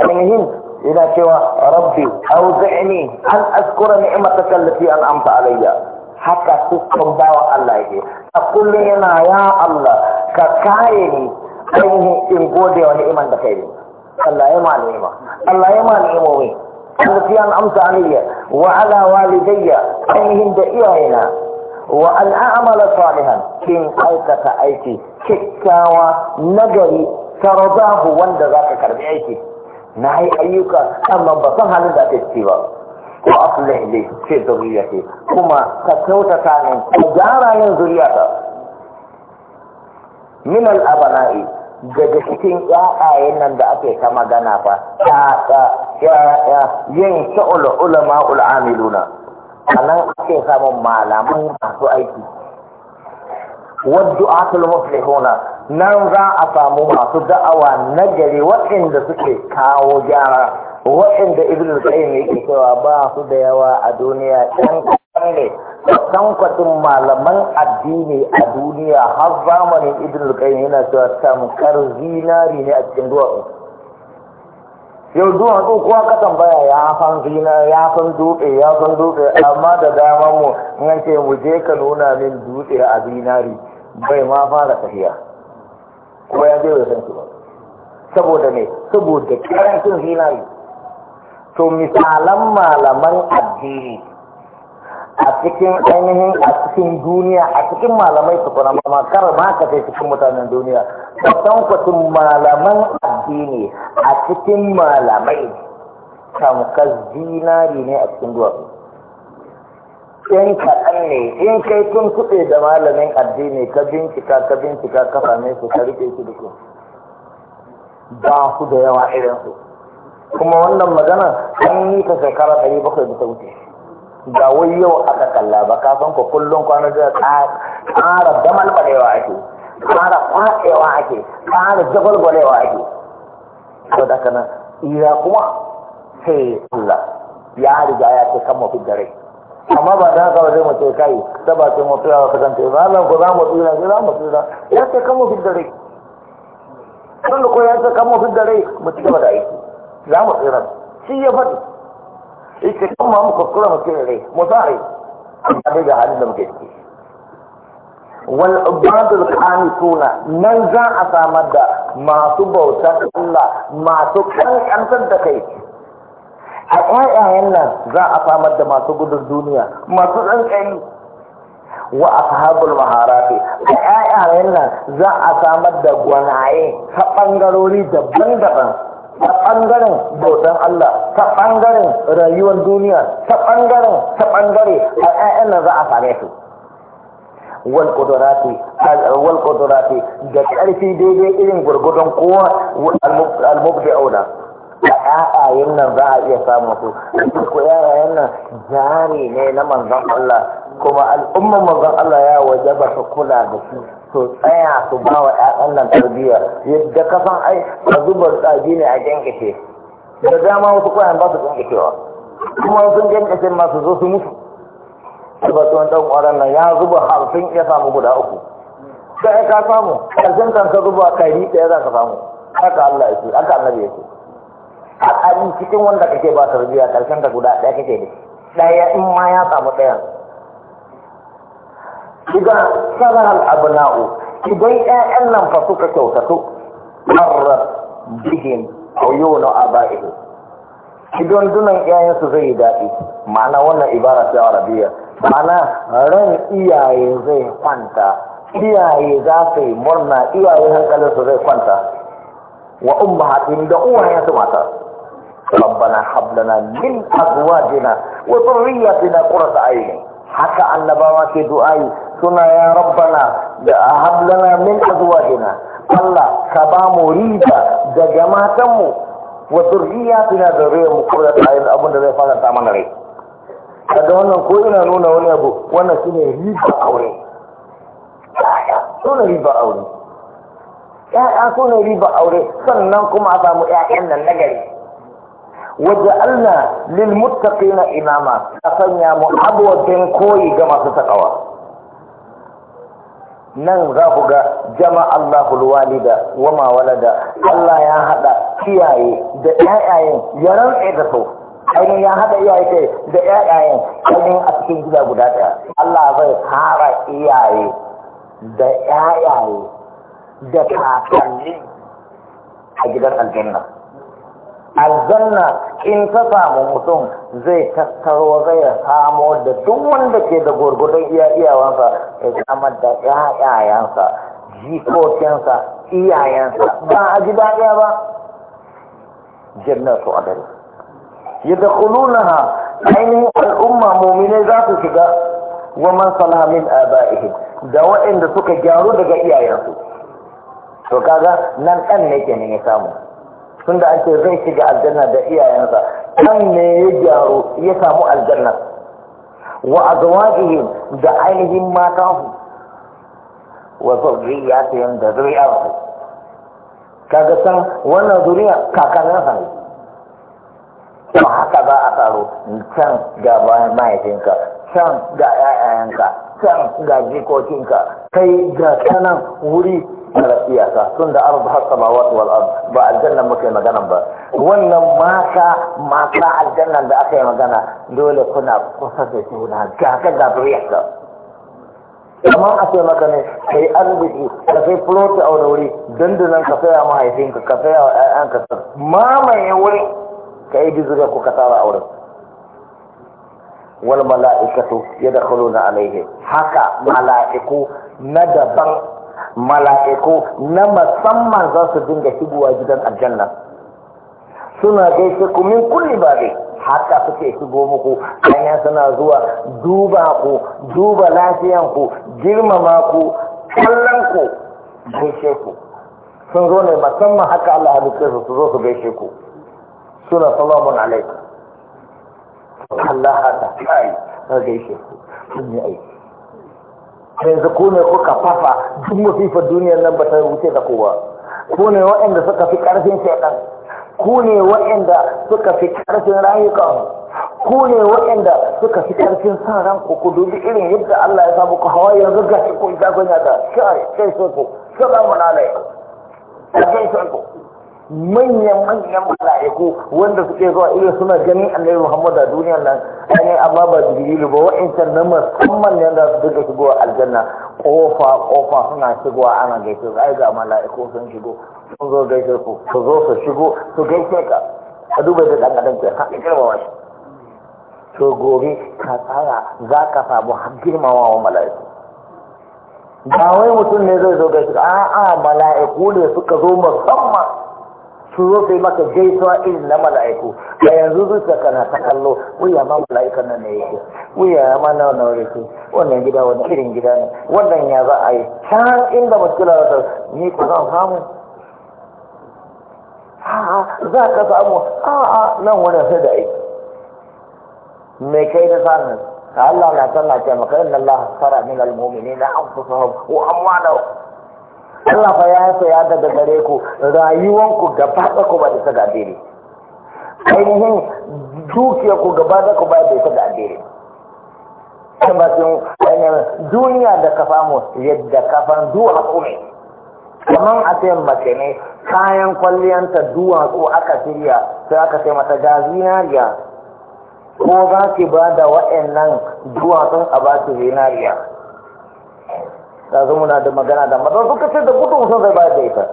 ainihin ina cewa rabbi auzi'ni an askura ni'mataka allati an'amta alayya haka sukan bawa Allah yake a kullum yana ya Allah ka kare ni ainihin in gode wa ni'imar da kai ne Allah ya malima Allah ya malima wai kuma an amsa aliyya wa ala walidayya ainihin da iyayena wa an a'amala salihan kin aikata aiki kikkawa nagari ta wanda zaka karbi aiki na yi ayyuka amma ba san halin da ake ba ce kuma ka في ذريتي ne كتوت تاني yin zuriya ta min al'abana'i daga cikin ƴaƴayen nan da ake ta magana fa ƴaƴa yin sha'ul ulama ul amiluna anan ake samun malaman masu aiki waddu'atul muflihuna nan za a samu masu da'awa na gari waɗanda suke kawo gyara waɗanda ibn al ya yake cewa ba su da yawa a duniya ɗan kan ne ɗan kwatin malaman addini a duniya har zamanin ibn al yana cewa tamkar zinari ne a cikin duwatsu yau duwatsu kowa ka tambaya ya san zina ya san dutse ya san dutse amma da dama mu in ce mu je ka nuna min dutse a zinari bai ma fara tafiya kuma ya je bai san shi ba saboda ne saboda karancin zinari to misalan malaman addini a cikin ainihin a cikin duniya a cikin malamai su kuna kar ma ka kai cikin mutanen duniya kusan kwatin malaman addini a cikin malamai tamkar zinari ne a cikin duwatsu in kaɗan ne in kai tun kuɗe da malamin addini ka bincika ka bincika ka same su ka rike su duka ba su da yawa irin su kuma wannan magana an yi ta shekara ɗari bakwai da ta wuce ga wai yau aka kalla ba ka san ku kullum kwana da ƙara damal balewa ake ƙara kwaɗewa ake ƙara jabalbalewa ake to da kana iya kuma sai Allah ya riga ya ce kan mafi dare. amma ba da haka wajen mace kai ta ba ce mafi yawa kasance ba Allah ku za mu tsira za mu tsira ya ce kan mafi dare. Sun da koyar ya ce kan mafi dare. mu ci gaba da aiki. za mu tsira shi ya faɗi ita kan ma mu kuskura mu rai mu sa rai amma dai ga halin da muke ciki wal ibadul qanituna nan za a samar da masu bautar Allah masu kankantar da kai a ƴaƴayen nan za a samar da masu gudun duniya masu tsankayi wa ashabul maharati a ƴaƴayen nan za a samar da gwanaye ta ɓangarori daban-daban ta ɓangaren bautan Allah ta ɓangaren rayuwar duniya ta ɓangaren ta ɓangare a ƴaƴan nan za a same su wal ƙudurati, wal da ƙarfi daidai irin gurgudun kowa al-mubdi auna ƴaƴayen nan za a iya samun su ko ƴaƴayen nan jari ne na manzon Allah kuma al'umman manzon Allah ya waje ba su kula da shi su tsaya su ba wa ƴaƴan nan tarbiyya yadda ka san ai a zubar tsaji ne a kyankace da dama wasu kwayan ba su kyankacewa kuma sun kyankace masu su zo su mutu tabbatuwan ɗan ƙwaron nan ya zuba hamsin ya samu guda uku sai ka samu ƙarshen kan ka zuba kari ɗaya za ka samu haka Allah ya ce haka annabi ya ce a cikin wanda kake ba tarbiyya ƙarshen ka guda ɗaya kake da ɗaya in ma ya samu ɗayan Iga sanar al’abna’u, idan ‘ya’yan nan fa suka kyautatu, marar bihin oyono a ba’ihu. Idan dunan ‘ya’yansu zai daɗi, ma’ana wannan ibara ta arabiya, ma’ana ran iyaye zai kwanta, iyaye za su yi murna, iyaye su zai kwanta, wa umma haɗin da uwayen su mata. Rabbana hablana min azwajina wa zurriyyatina qurrata a'yun. Haka annabawa ke du'ayi suna ya rabbana da a hablana min azwajina Allah ka ba mu riba daga matanmu wa zurriyatina da zuriyar mu kura ta yin abin da zai fara ta mana rai kaga wannan ko ina nuna wani abu wannan shine riba aure sune riba aure ya'ya sune riba aure sannan kuma a samu ya'yan nan nagari وجعلنا للمتقين إماما أسنى koyi كوي كما ستقوى nan za ku ga jama Allahul walida wa ma walada Allah ya hada kiyaye da ƴaƴayen ya rantsa da su ainihin ya hada iyaye kai da ƴaƴayen ainihin a cikin gida guda ɗaya Allah zai fara iyaye da ƴaƴaye da kakanni a gidan aljanna aljanna in ta samu mutum zai tattaro zai samu da duk wanda ke da gurgudan iya iyawansa ya samar da ƴaƴayensa jikokinsa iyayensa ba a ji daɗiya ba jannatu adal yadkhulunaha ainihin al'umma mu'mine za su shiga wa man salaha min aba'ihim da waɗanda suka gyaru daga iyayensu to kaga nan ɗan ne kenan ya samu tunda ake zai shiga aljanna da iyayensa kan ne ya gyaru ya samu aljanna wa azwajihim da ainihin matansu wa zurriyatihim da zuriyarsu kaga san wannan zuriya kakanninsa ne to haka za a taro can ga bayan mahaifinka can ga 'ya'yayanka can ga jikokinka kai ga sanan wuri na siyasa tun da arzu har wasu wal ba aljannan muke yi magana ba wannan mata mata aljannan da aka yi magana dole kuna kusa da juna gaga da amma a ce maka ne ka yi arziki ka sai fuloti a wani wuri dandunan ka saya mahaifinka ka saya wa ƴaƴanka ka mamaye wuri ka yi bizuga ko ka tara a wurin wal mala'ikatu yadkhuluna alayhi haka mala'iku na daban mala'iku na musamman za su dinga shigowa gidan aljanna suna gaishe ku min kulli babi haka suke shigo muku hanya suna zuwa duba ku duba lafiyan ku girmama ku kallon ku gaishe ku sun zo ne musamman haka Allah halitta su su zo su gaishe ku suna salamun alaikum Allah haka kai gaishe ku sun yi aiki yanzu ku ne kuka fafa duk masifar duniyar nan ba ta wuce da kowa ku ne waɗanda suka fi ƙarfin shaidan ku ne waɗanda suka fi ƙarfin rayukan ku ne waɗanda suka fi ƙarfin sa ran ku dubi irin yadda Allah ya sa muku hawa yanzu ga shi ko ita gwanya ta shai sai sai ku salamu alaikum sai sai ko manyan manyan mala'iku wanda suke zuwa irin suna ganin annabi Muhammad a duniyar nan ne amma ba jibrilu ba wa'incan na musamman ne da su duka shigo aljanna kofa kofa suna shigowa ana gaishe su ai ga mala'iku sun shigo sun zo gaishe ku su zo su shigo su gaishe ka ka duba da dan adam ke ka girmama shi to gobe ka tsaya za ka samu girmama wa mala'iku ba wai mutum ne zai zo gaishe a'a mala'iku ne suka zo musamman su zo su maka gaisuwa irin na mala'iku a yanzu zuciya kana ta kallo wuya ma mala'ikan nan ne yake wuya ma na wannan yake wannan gida wani irin gida ne wannan ya za a yi can inda muskila da ni ku zan samu a'a za ka samu a'a nan wurin sai da aiki me kai da ka Allah na sallah ce maka inna Allah fara min al-mu'minina anfusahum wa amwalahum Allah fa ya saya daga gare ku ku gaba da ku ba da ga addini ainihin dukiyar ku gaba da ku ba da ga sun ainihin duniya da kafa mu yadda kafan duwatsu ne kamar a ce mace ne kayan kwalliyanta duwatsu aka shirya sai aka ce mata ga zinariya ko za ki ba da waɗannan duwatsun a ba su zinariya ta zama na da magana da maza suka ce da gudun sun zai bayar da ita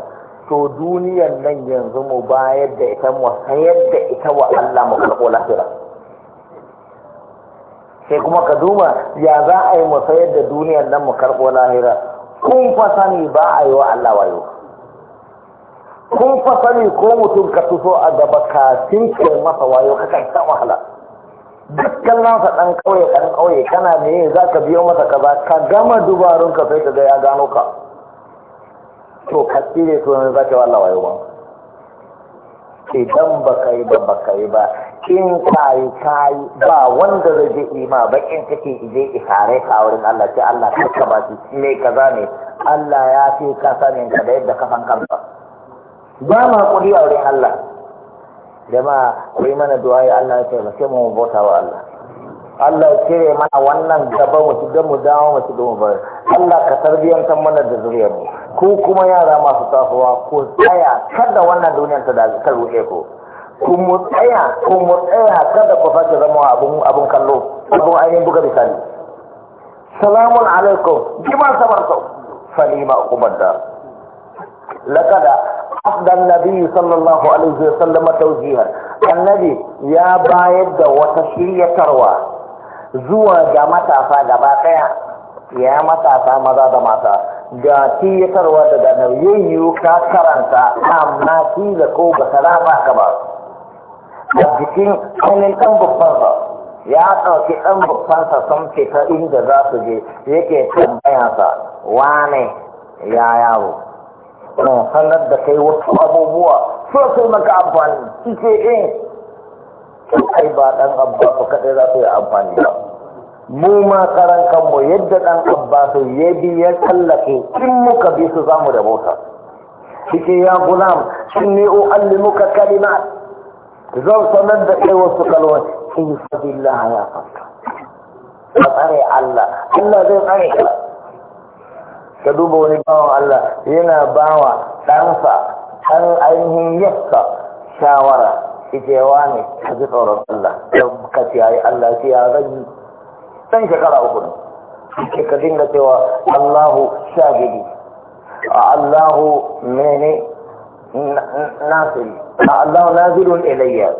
to duniyan nan yanzu mu bayar da ita mu sayar da ita wa Allah mu karɓo lahira sai kuma ka duba ya za a yi mu sayar da duniyan nan mu karɓo lahira kun fa sani ba a yi wa Allah wayo kun fa sani ko mutum ka tuso a gaba kafin ke masa wayo kakan ta wahala duk nasa ɗan ƙauye ɗan ƙauye kana ne za ka biyo masa ka kaza ka gama dubarun ka sai ka ga ya gano ka to ka tsire to ne za ka wala wayo ba idan ba ka yi ba ba ka yi ba in ka yi ka yi ba wanda zai je ima ba in kake je isare ka wurin Allah ce Allah ka ka ba shi me za ne Allah ya fi ka sanin ka da yadda ka san kanka ba ma kudi a wurin Allah jama'a ku yi mana du'a ya Allah ya taimake mu mu bauta wa Allah Allah ya cire mana wannan gaba mu ci don mu dawo mu don mu bar Allah ka tarbiyantar mana da zuriyar mu ku kuma yara masu tasowa ku tsaya kada wannan duniyar ta da ta ruɗe ku ku mu tsaya ku mu tsaya kada ku sake zama abun abun kallo abun ainihin buga misali salamun alaikum bima Salima, falima da lakada أفضل النبي صلى الله عليه ya bayar da wata بايد zuwa ga matasa gaba فاقباتها ya matasa maza da mata ga tiyatarwa daga nauyayyu ka karanta amma ki da ko ba salama ka ba a jikin ainihin ɗan babban ya ɗauki ɗan babban sa sun ta inda za su je yake sa wane ya yawo sanar da kai wasu abubuwa so sai maka amfani shi ce in eh. kai ba dan abbasu kaɗai za su yi amfani ba mu ma karan kanmu yadda dan abbasu ya bi ya tsallake in muka bi su za mu da bauta shi ya gulam inni ka kalima zan sanar da kai wasu kalmar in fadillah ya fata ka tsare Allah Allah zai tsare ka ka duba wani bawan Allah yana bawa ɗansa ɗan ainihin yasta shawara ikewa ne ka ji tsoron Allah ka ce yayi Allah ce ya zagi ɗan shekara uku ne ke ka dinga cewa Allahu shagidi Allahu mene nasiri A Allahu nazirun ilayya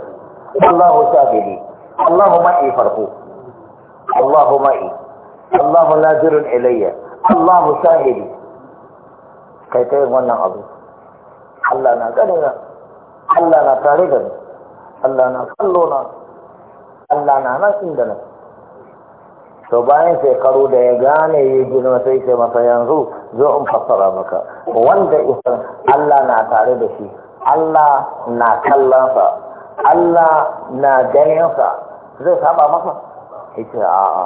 Allahu shagidi Allahu ma'i farko Allahu ma'i Allahu nazirun ilayya Allahu shahidi kai ta yin wannan abu Allah na gani na Allah na tare da ni Allah na kallo na Allah na nan inda na to bayan shekaru da ya gane ya girma sai ce masa yanzu zo in fassara maka wanda isan Allah na tare da shi Allah na kallonsa Allah na ganinsa zai saba masa yace a'a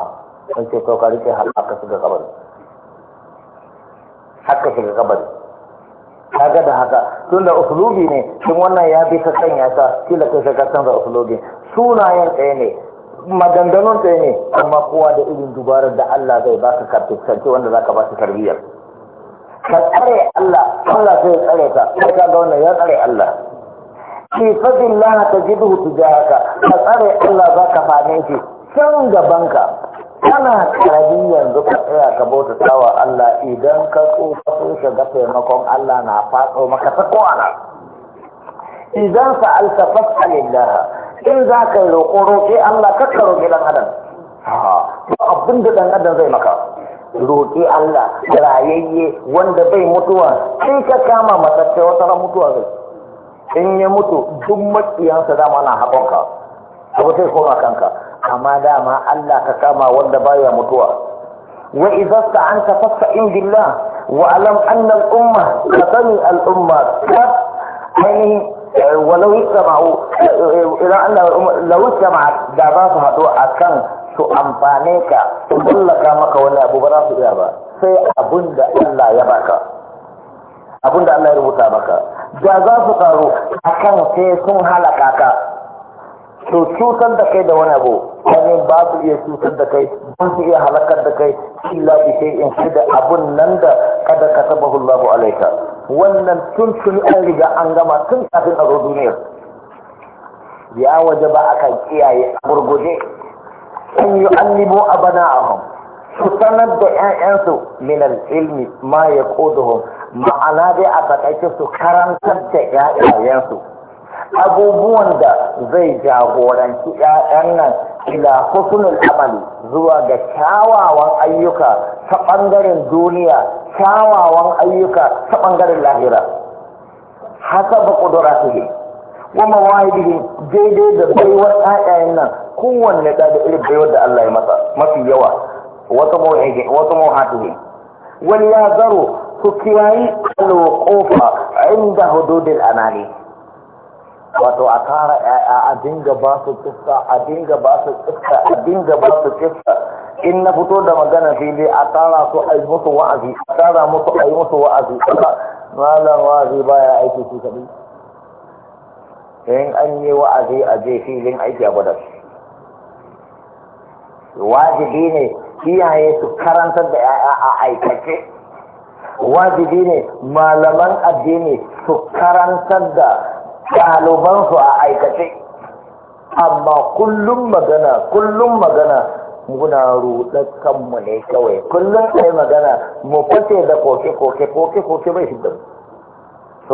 sai ce to ka rike har su shiga kabari haka shiga kabari kaga da haka tunda usulubi ne tun wannan ya bi ta sanya ta kila kai shiga canza usulubi sunayen ɗaya ne maganganun ɗaya ne amma kowa da irin dubarar da Allah zai ba ka karfi wanda za ka ba su tarbiyyar ka tsare Allah Allah zai tsare ka sai ka ga wannan ya tsare Allah fi fadillah tajiduhu tujaka ka tsare Allah za ka fane shi can gabanka kana karami yanzu ka tsaya ka bauta tawa Allah idan ka tsofa sun shiga taimakon Allah na fatso maka ta kowana idan ka alta fasalillah in za ka yi roƙo roƙe Allah ka ka roƙe dan adam ba abin da dan adam zai maka roƙe Allah rayayye wanda bai mutuwa sai ka kama matacce wata ran mutuwa zai in ya mutu duk maƙiyansa dama na haƙonka abu sai koma kanka amma dama Allah ka kama wanda baya mutuwa wa idza sta'anta fasta'in billah wa alam anna al-umma qatani al-umma ainihin eh, walau yasma'u eh, idan Allah law yasma'a da za su haɗu akan su amfane ka su mallaka maka wani abu ba za su iya ba sai abin da Allah ya baka abin da Allah ya rubuta baka. da za su faru akan sai sun halaka ka to cutar da kai da wani abu wani ba su iya cutar da kai ban su iya halakar da kai illa bi sai in shi da abun nan da kada ka taba hullahu alaika wannan tun tun an riga an gama tun kafin a zo duniyar ya waje ba akan kiyaye a gurguje in yi annibu a bana a ahun su sanar da 'ya'yansu minal ilmi ma ya kodohun ma'ana dai a takaice su karantar da 'ya'yansu abubuwan da zai jagoranci ‘ya'yan nan ila husnul amali zuwa ga kyawawan ayyuka ta ɓangaren duniya kyawawan ayyuka ta ɓangaren lahira haka ba ƙudura su ne kuma wahidi daidai da baiwar ‘ya'yan nan kowanne ɗa da irin baiwar da Allah ya masa mafi yawa wata mawahatu ne wani ya zaro su kiyayi alokofa inda hududin anani wato a kara ya'ya a dinga ba su kista a dinga ba su kista a dinga ba su kista in na fito da magana fili a tara su a yi musu wa'azi a tara musu a yi musu wa'azi malam wa'azi baya aiki su kaɗai in an yi wa'azi a je filin aiki a gwada wajibi ne iyaye su karantar da 'ya'ya a aikace wajibi ne malaman addini su karantar da ɗalibansu a aikace amma kullum magana kullum magana muna ruɗar kanmu ne kawai kullum ɗaya magana mu fashe da koke-koke koke-koke bai shi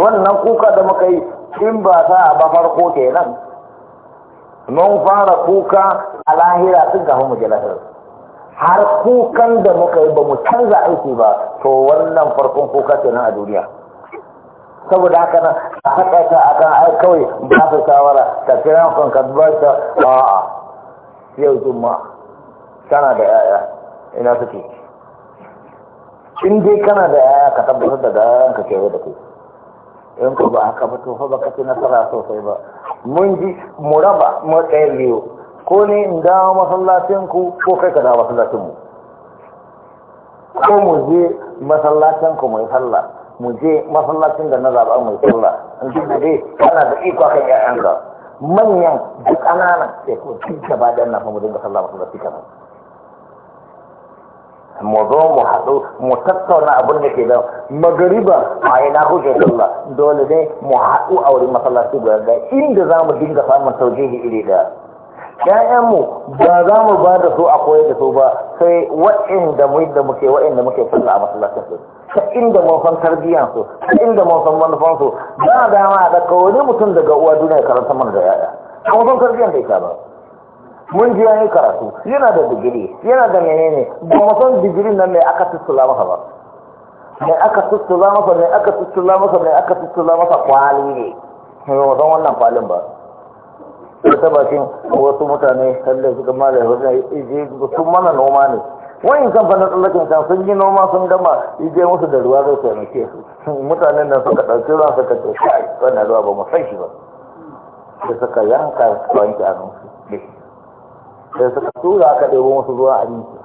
wannan kuka da muka yi in ba sa ba farko kenan mun fara kuka a lahira sun kafin mu je har kukan da muka yi ba mu canza aiki ba to wannan farkon kuka kenan a duniya saboda haka na, haka ta a kan ai kawai ba su shawara ta kira kan ka ba ta a'a yau juma'a kana da yaya ina suke in dai kana da yaya ka tabbatar da gayan ka kewa da kai in ku ba haka ba to fa baka ci nasara sosai ba mun ji mu raba mu tsaye biyu ko ne in dawo masallacin ku ko kai ka dawo masallacin mu ko mu je masallacin ku mai sallah mu je masallacin da na zaɓa mai sallah in ji da dai kana da iko kan ƴaƴanka manyan da ƙananan ko ci gaba da nan mu dinga sallah mu zo mu haɗu mu tattauna abin da ke da magariba a ina kuke sallah dole ne mu haɗu a wurin masallaci guda inda za mu dinga samun taujihi iri ɗaya ƴaƴanmu ba za mu ba da su a koyar da su ba sai waɗanda mu da muke waɗanda muke sallah a masallacin su ta inda mun san tarbiyyar su ta inda mun san manufan su ba dama da wani mutum daga uwa duniya karanta mana da ƴaƴa mun san tarbiyyan da ita ba mun ji yayi karatu yana da digiri yana da menene ba mu san digirin nan mai aka tussula masa ba mai aka tussula masa mai aka tussula masa mai aka tussula masa kwali ne ba mu wannan kwalin ba wata bakin wasu mutane talle suka malai wasu ije sun mana noma ne wani kan fa tsallakin kan sun yi noma sun gama ije musu da ruwa zai taimake su mutanen nan suka ɗauki ruwa suka ce kai wannan ruwa ba mu san shi ba sai suka yanka wanke a nufi sai suka tura aka ɗebo musu ruwa a nufi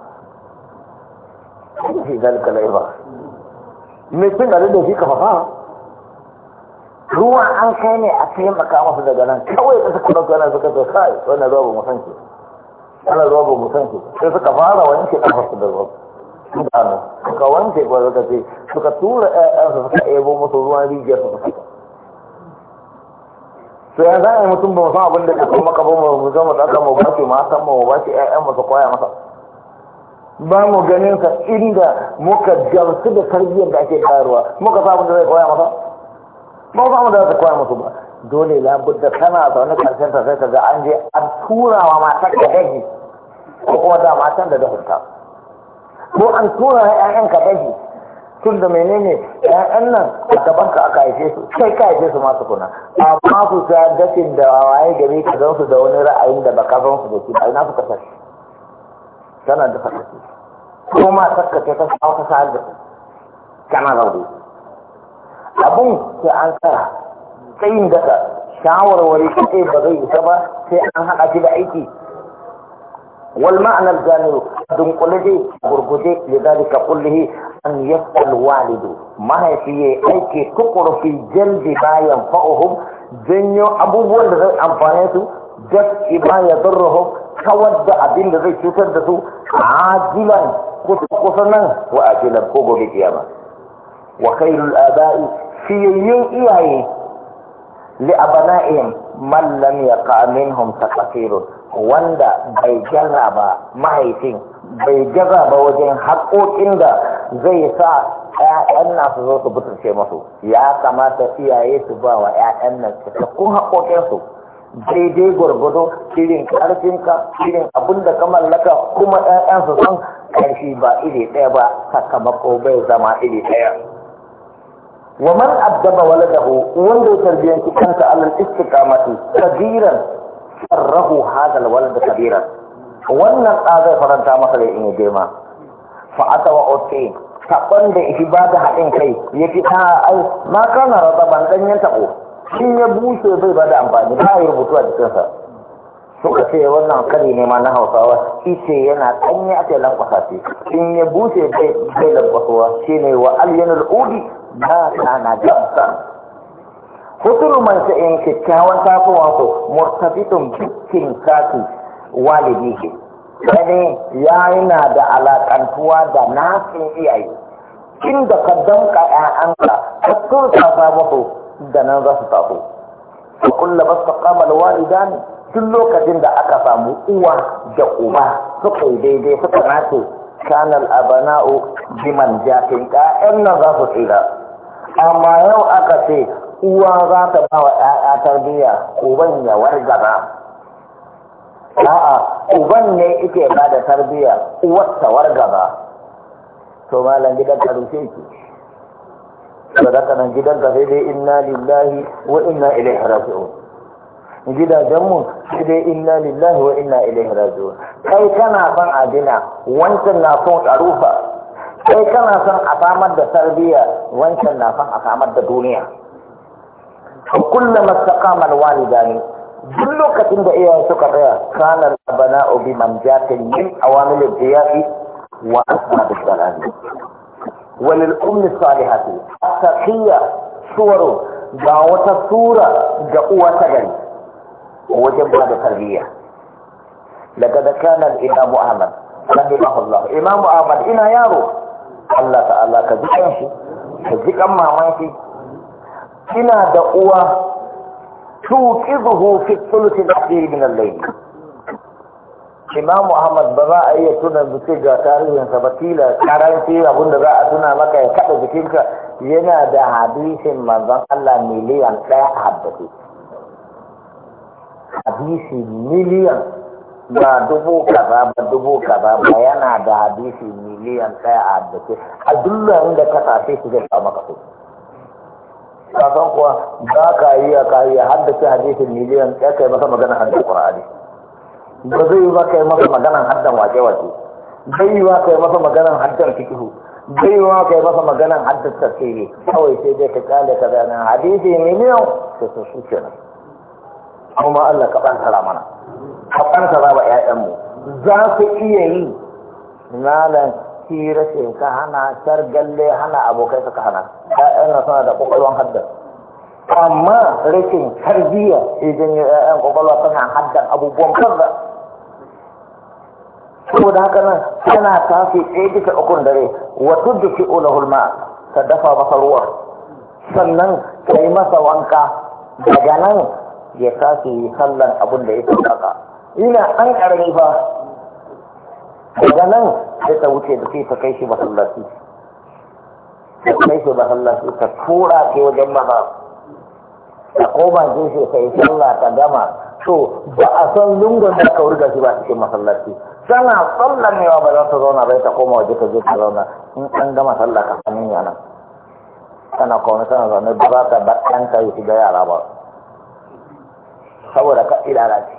shi zalika laiba mai cin da shi kafafa ruwa an kai ne a maka masu daga nan kawai da suka ɗauka yana suka ce sai wannan zuwa ba mu san shi wannan zuwa ba mu san shi sai suka fara wanke kafarsu da ruwa suka wanke ba suka ce suka tura ƴaƴansu suka ebo musu ruwan rijiyar su suka sai yanzu an yi mutum ba mu san abin da ke kuma maka ba mu zama da mu ba shi ma san mu ba shi ƴaƴan mu su koya masa ba mu ganin sa inda muka gamsu da tarbiyyar da ake karuwa muka sa abin da zai koya masa ba za mu da su musu ba dole labudda kana zaune karshen ta sai ka ga an je an turawa matar ka daji ko kuma da matan da dahunta ko an tura ƴaƴan ka daji tun da menene ƴaƴan nan a gaban ka aka haife su sai ka haife su masu kuna amma su sa dafin da waye gari ka zan su da wani ra'ayin da baka zan su da shi ai na su kasar tana da fasasi ko ma sakka ta ta sa ta sa da kana zaune abin sai an tsara tsayin daga shawarwari kaɗai ba zai isa ba sai an haɗa shi da aiki wal ma'anar jami'u dunkule dai gurguje da ka kullihi an yasal walidu mahaifi ya aiki tukuru fi jalbi bayan fa'uhum janyo abubuwan da zai amfane su dafki ma ya kawar da abin da zai cutar da su ajilan kusa nan wa ajilan ko gobe kiyama wa khairul aba'i fiyayyun iyaye li abana'in man lam yaqa minhum takfirun wanda bai jarra ba mahaifin bai jarra ba wajen haƙoƙin da zai sa ƴaƴan na su zo su butulce musu ya kamata iyaye su ba wa ƴaƴan nan cikakkun haƙoƙin su daidai gwargwado irin ka irin abin da ka mallaka kuma ƴaƴan su san ƙarfi ba iri ɗaya ba sakamako bai zama iri ɗaya wa man addaba waladahu wanda ya tarbiyanci kansa alal istiqamati kabiran sarrahu hadha alwalad kabiran wannan da zai faranta maka da in je ma fa atawa uti saban da shi ba da haɗin kai yake ta ai ma kana raba ban ganyen taɓo Shin ya bushe zai bada amfani ba a yi rubutu a jikinsa suka ce wannan kari ne ma na hausawa ce yana ɗanye ce lankwasa ce in ya bushe bai lankwasowa shi ne wa alyanul udi na sana jamsa hutur man in kyakkyawan tafowa ko murtabitun bikin sati walidi ke sani na da alakantuwa da nasin iyaye inda ka danka ƴaƴanka ka turta ta da nan za su tafi. Kulla basta da walidani duk lokacin da aka samu uwa da uba suka yi daidai suka nace kanal abana'u biman jafin ƴaƴan nan za su tsira amma yau aka ce uwa za ta ba wa ƴaƴa tarbiyya uban ya wargaba. a'a uban ne yake ba da tarbiyya uwar ta wargaba. to malam gidan ka rushe ki sadaka nan gidan ka sai dai inna lillahi wa inna ilaihi raji'un gidajenmu shi dai inna lillahi wa inna ilaihi raji'un kai kana son a gina wancan na son a rufa kai kana son a samar da tarbiyya wancan na son a samar da duniya fa kullama istaqama alwalidani duk lokacin da iyayen suka tsaya kana bana'u bi manjatin min awamil diyafi wa asma bi salami وللأم الصالحة tafiya صور ga wata sura ga uwa ta gari wajen ba da tarbiyya daga da kanan imamu ahmad rahimahullah imamu ahmad ina yaro Allah ta'ala ka jikan shi ka jikan maman shi ina da uwa tuqizuhu fi thuluth al-akhir min al-layl imamu ahmad ba za a iya tuna bice ga tarihinsa ba tila karanci abin da za a tuna maka ya kada jikinka yana da hadisin manzon Allah miliyan ɗaya a haddace hadisi miliyan ba dubu kaza ba dubu kaza ba yana da hadisi miliyan ɗaya a dake a duk da ka tafi su zai samu kaso kasan kuwa za ka yi a ka yi haddace hadisi miliyan ɗaya kai masa magana haddan ƙur'ani ba zai yi ba kai masa magana hadda wake-wake zai yi ba kai masa maganar haddan fikihu zai yi ba kai masa magana hadda tafsiri kawai sai dai ka kyale ka zanen hadisi miliyan sai sun shi kenan kuma Allah ka ɓantara mana ka ɓantara wa ‘ya'yanmu za su iya yi nalan hirashin ka hana galle hana abokai ka hana ‘ya'yan na suna da ƙwaƙwalwan haddar amma rashin tarbiyya idan ‘ya'yan ƙwaƙwalwa suna haddar abubuwan kanza saboda haka nan yana tafi ɗaya bisa ukun dare wa duk da fi'ula hulma ka dafa masa ruwa sannan ka yi masa wanka daga nan ya sake yi sallan abin da ya tsaka ina an karami ba daga nan sai ta wuce da sai ta kai shi masallaci ta kai shi masallaci ta tura ke wajen maza ta koma gefe ta yi sallah ta gama to ba a san lungun da ka wurga shi ba cikin masallaci sallan ne ba za ta zauna bai ta koma waje ta je ta zauna in an gama sallah ka sanin yana tana kawai tana zaune ba za ta ɗan ɗanka yi shiga yara ba saboda ka ilalace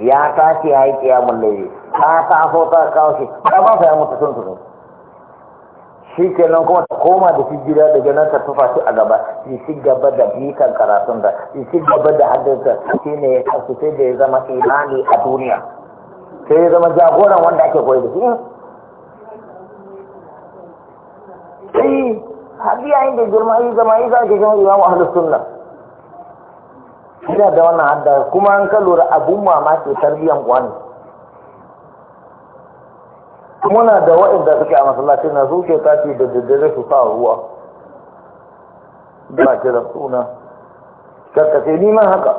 ya tashi ya yi kiyamun laifi ta so ta kawo shi ta ba sa ya mutu sun tuni shi ke nan kuma ta koma da shi gida da ganin ta tufa shi a gaba shi shi gaba da bikan karatun da shi shi gaba da haddasa shi ne ya kasu sai da ya zama imani a duniya sai ya zama jagoran wanda ake koyi da shi sai har yayin da girma yi zama yi za a ke gama imamu halittun sunna ina da wannan hadda kuma an ka lura abun mamaki tarbiyyan kwani muna da waɗanda suke a masallaci na su ke tashi da daddare su sa ruwa ba kira suna karkace neman haka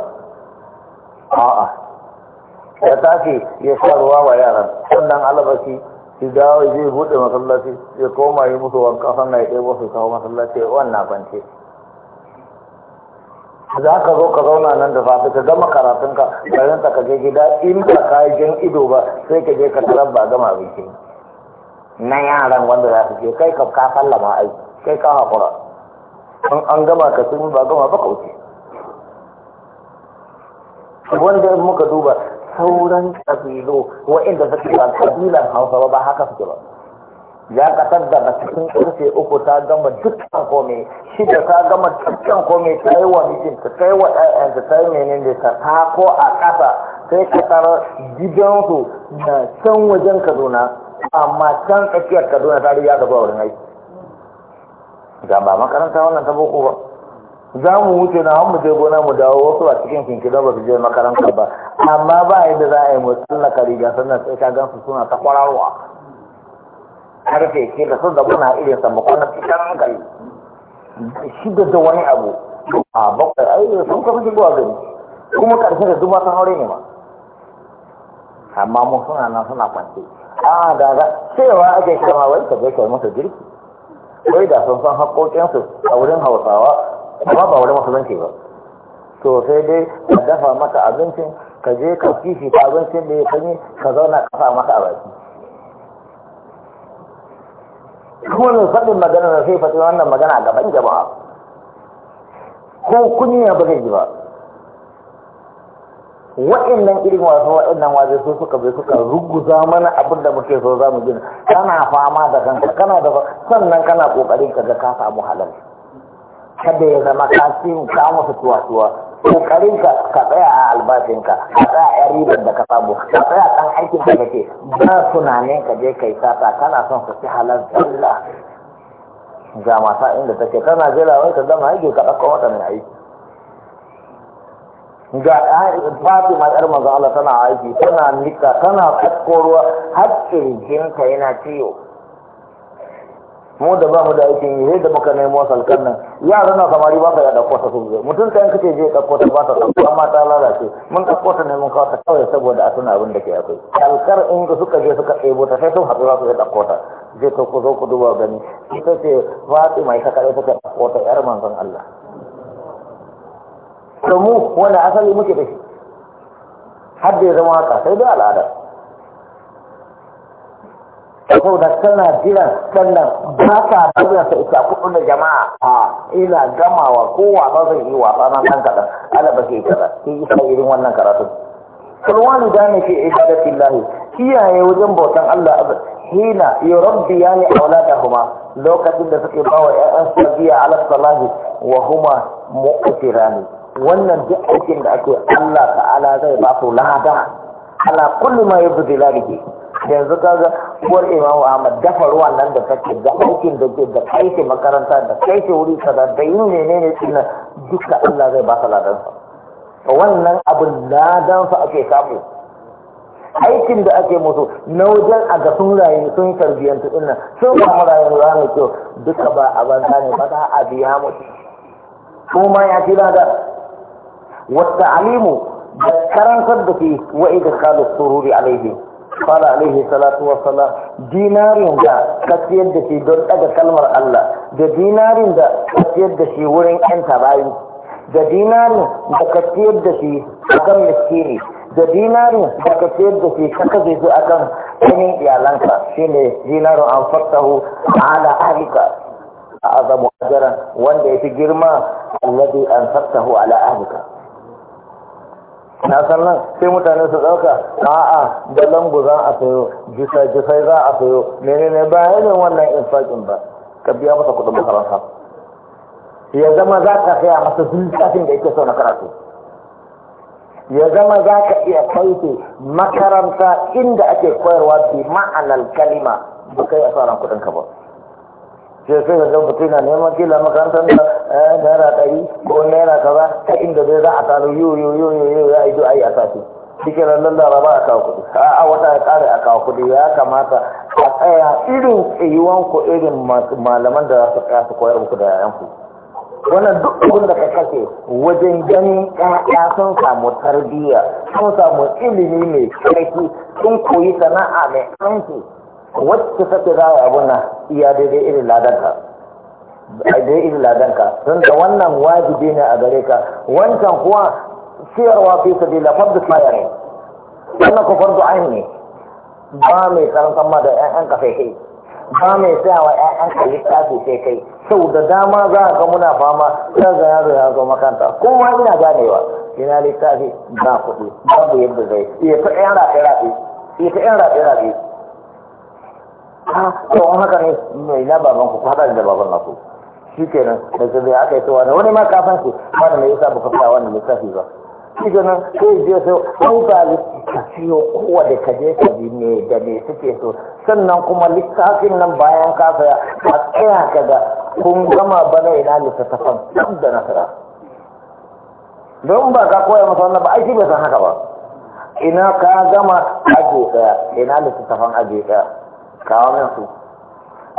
a'a ya tashi ya sa ruwa wa yaran sannan alabashi shi dawo zai buɗe masallaci ya koma yi musu wanka sannan ya ɗebo su kawo masallaci wannan bance za ka zo ka zauna nan da safe ka gama karatunka bayan ka je gida in ka kai jan ido ba sai ka je ka tarar ba gama abinci na yaran wanda za su je kai ka ka sallama ai kai ka hakura in an gama ka sun ba gama ba kauce wanda muka duba sauran kabilu wa'inda suke ba kabilan hausa ba haka suke ba ya kasar da cikin karfe uku ta gama dukkan komai shida ta gama dukkan komai ta yi wa mijinta ta yi wa ɗayanta ta yi da ta tako a ƙasa sai kasar gidansu na can wajen kaduna amma can tsakiyar kaduna ta riga gaba wurin aiki ga ba makaranta wannan ta boko ba za mu wuce na hannu je gona mu dawo wasu a cikin kinkida ba su je makaranta ba amma ba da za a yi mu tsallaka riga sannan sai ka gan su suna ta kwararwa harfe ke da sun da na irin sa makwanar fitar hankali shi da wani abu a bakwai ai sun kafa shigowa gani kuma karshen da duba sun haure ne ma amma mu suna nan suna kwance a da za cewa ake kama wani tabbai kai masa girki wai da sun san haƙoƙinsu a wurin hausawa amma ba wurin musulunci ba to sai dai ka dafa maka abincin ka je ka kishi abincin da ya sanyi ka zauna ka sa maka a kuma faɗin magana na sai faɗi wannan magana a gaban jama'a ko kunya ba zai ji ba wa'annan irin wasu wa'annan waje su suka bai suka ruguza mana abin da muke so za mu gina kana fama da kanka kana da sannan kana kokarin ka ga ka samu halal kada ya zama ka ci ka musu tuwa tuwa kokarin ka ka tsaya a albashin ka ka tsaya a ribar da ka samu ka tsaya kan aikin da kake ba tunanin ka je kai sata kana son ka ci halal zalla ga mata inda take kana jira wai ka zama aiki ka mata ne aiki ga mai ƴar manzo Allah tana aiki tana nika tana kokkoruwa har kirjinta yana ciwo mu da ba mu da aikin yi sai da muka nemo salkan nan yaran na samari ba ka ya dauko ta sun mutum sai kake je dauko ta ba ta dauko amma ta lalace mun dauko ta ne mun kawo ta kawai saboda a tuna abin da ke akwai salkar in ka suka je suka ɗebo ta sai sun haɗu za su yi dauko ta je to ku zo ku duba gani ita ce mai ta kare suka dauko ta yar manzon Allah to mu wani asali muke da shi har da ya zama haka sai da al'ada saboda tana jiran sannan ba ka buga ta isa kudu da jama'a a ina gamawa ko ba zai yi wasa nan ɗan kaɗan ala ba ke ke yi ta irin wannan karatu kulwani da ne ke ibadati lahi kiyaye wajen bautan Allah hina yurabbi yani huma lokacin da suke bawa ƴaƴan sabiya ala salahi wa huma mu'tirani wannan duk aikin da ake Allah ta'ala zai ba su lahada ala kulli ma yubdi yanzu kaga uwar imamu ahmad dafa ruwan nan da take da aikin da ke da kai makaranta da kai wuri kaza da yin menene tsina duka allah zai ba ladan ladansa wannan abin ladansa ake samu aikin da ake musu na wajen a ga sun rayu sun tarbiyyantu din nan sun samu rayuwa mai kyau duka ba a banza ne ba ta a biya mutu kuma ya kira da wata alimu da karantar da ke wa'idin idin kalu sururi alaihi قال عليه الصلاة والسلام دينار دا كتير دشي دون أجا كلمة الله دا دينار دا كتير دشي ورين أنت باي دا دينار دا كتير دشي أكم مسكيني da dinarin da ka sayar da shi ka kaje su akan wani iyalanka shine dinarin an faktahu ala ahlika a azamu ajaran wanda ya fi girma alladhi an faktahu ala ahlika na sannan sai mutane su ɗauka a'a da lambu za a sayo jisai za a sayo menene ba yanin wannan infakin ba ka biya masa kuɗin makaranta ya zama za ka saya masa zulkafin da yake so na karatu ya zama za ka iya kaife makaranta inda ake koyarwa bi ma'anar kalima ba kai sauran kuɗin ka ba sai sai ga mutum na neman kila makaranta da eh, naira ɗari ko naira kaza ta inda zai za a taro yo yo yo yo yo ya ido ayi a sati cikin ranar laraba a kawo kuɗi a wata ya kare a kawo kuɗi ya kamata a tsaya irin tsayuwan ku irin malaman da za su kaya su koyar muku da yayan ku wannan duk abin da ka kashe wajen ganin ƴaƴa sun samu tarbiyya sun samu ilimi mai ƙarfi sun koyi sana'a mai ƙanci wacce sake za a abu na iya daidai irin ladanka daidai irin ladanka don da wannan wajibi ne a gare ka wancan kuwa siyarwa fi sabila da kaya ne wannan kufar fardu ne ba mai karantar ma da 'ya'yan ka kai ba mai tsayawa 'ya'yan ka littafi sai kai sau da dama za a ga muna fama sai ga da ya zo makanta kowa ina ganewa ina littafi ba kuɗi babu yadda zai iya ta 'yan rafi-rafi. iya ta to an haka ne mai na baban ku haɗa da baban naku shi kenan da zai zai aka yi tuwa wani ma kafin shi wani mai yasa baka fita wani lissafi ba shi kenan sai je so an ba ka siyo kowa da ka je ka bi ne da me suke so sannan kuma littafin nan bayan ka saya a tsaya ka ga kun gama bana ina littattafan duk da nasara don ba ka koya masa wannan ba ai shi bai san haka ba ina ka gama aje daya ina littattafan aje daya kawo min su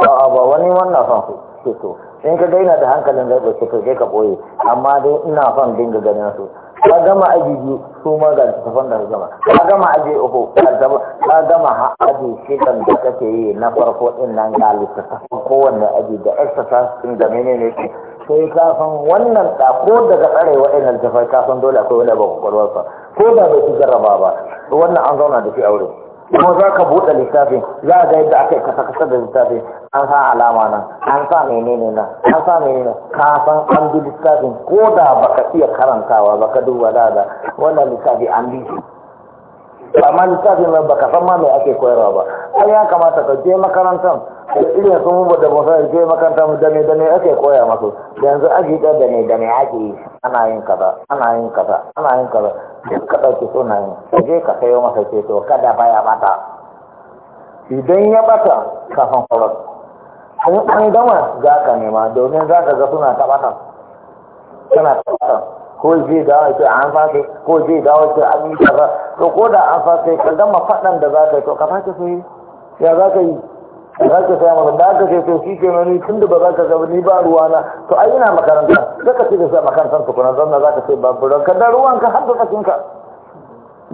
a ba wani wannan son su ce to in ka daina da hankalin zai bai shekar kai ka boye amma dai ina son dinga ganin su ka gama aji biyu su ma ga tafan da gama ka gama aji uku ka gama ha aji da kake yi na farko din nan ga littattafan kowanne aji da exercise din da menene ne sai ka san wannan da ko daga tsare wa'annan tafai ka san dole akwai wani ba kwakwalwarsa ko da bai ci jarraba ba wannan an zauna da shi aure kuma za ka buɗe littafin za a ga yadda aka yi kasa-kasa da littafin an sa alama nan an sa menene nan an sa menene ka san an bi littafin ko da baka iya karantawa baka duba da wannan littafi an bi shi amma littafin nan baka san ma me ake koyarwa ba ai ya kamata ka je makarantar da irin sun mu da musa je makarantar da me da me ake koya masu yanzu ake ɗaya da me da me ake yi ana yin kaza ana yin kaza ana yin kaza duk ka dauki sunayen ka je ka sayo masa to kada baya bata idan ya bata kafin farar in an gama za ka nema domin za ka ga suna taɓatan suna taɓatan ko zai dawo ce an fasa ko zai dawo ce an yi kaza to ko da an fasa ka gama faɗan da za ka yi to ka fasa su yi ya za ka yi za ka sai masa da aka sai to shi ke nuni tun da ba za ka gaba ni ba ruwa na to ai ina makaranta da ka ce da sa makarantar tukuna zanna za ka ce babu ranka da ruwanka har da tsakinka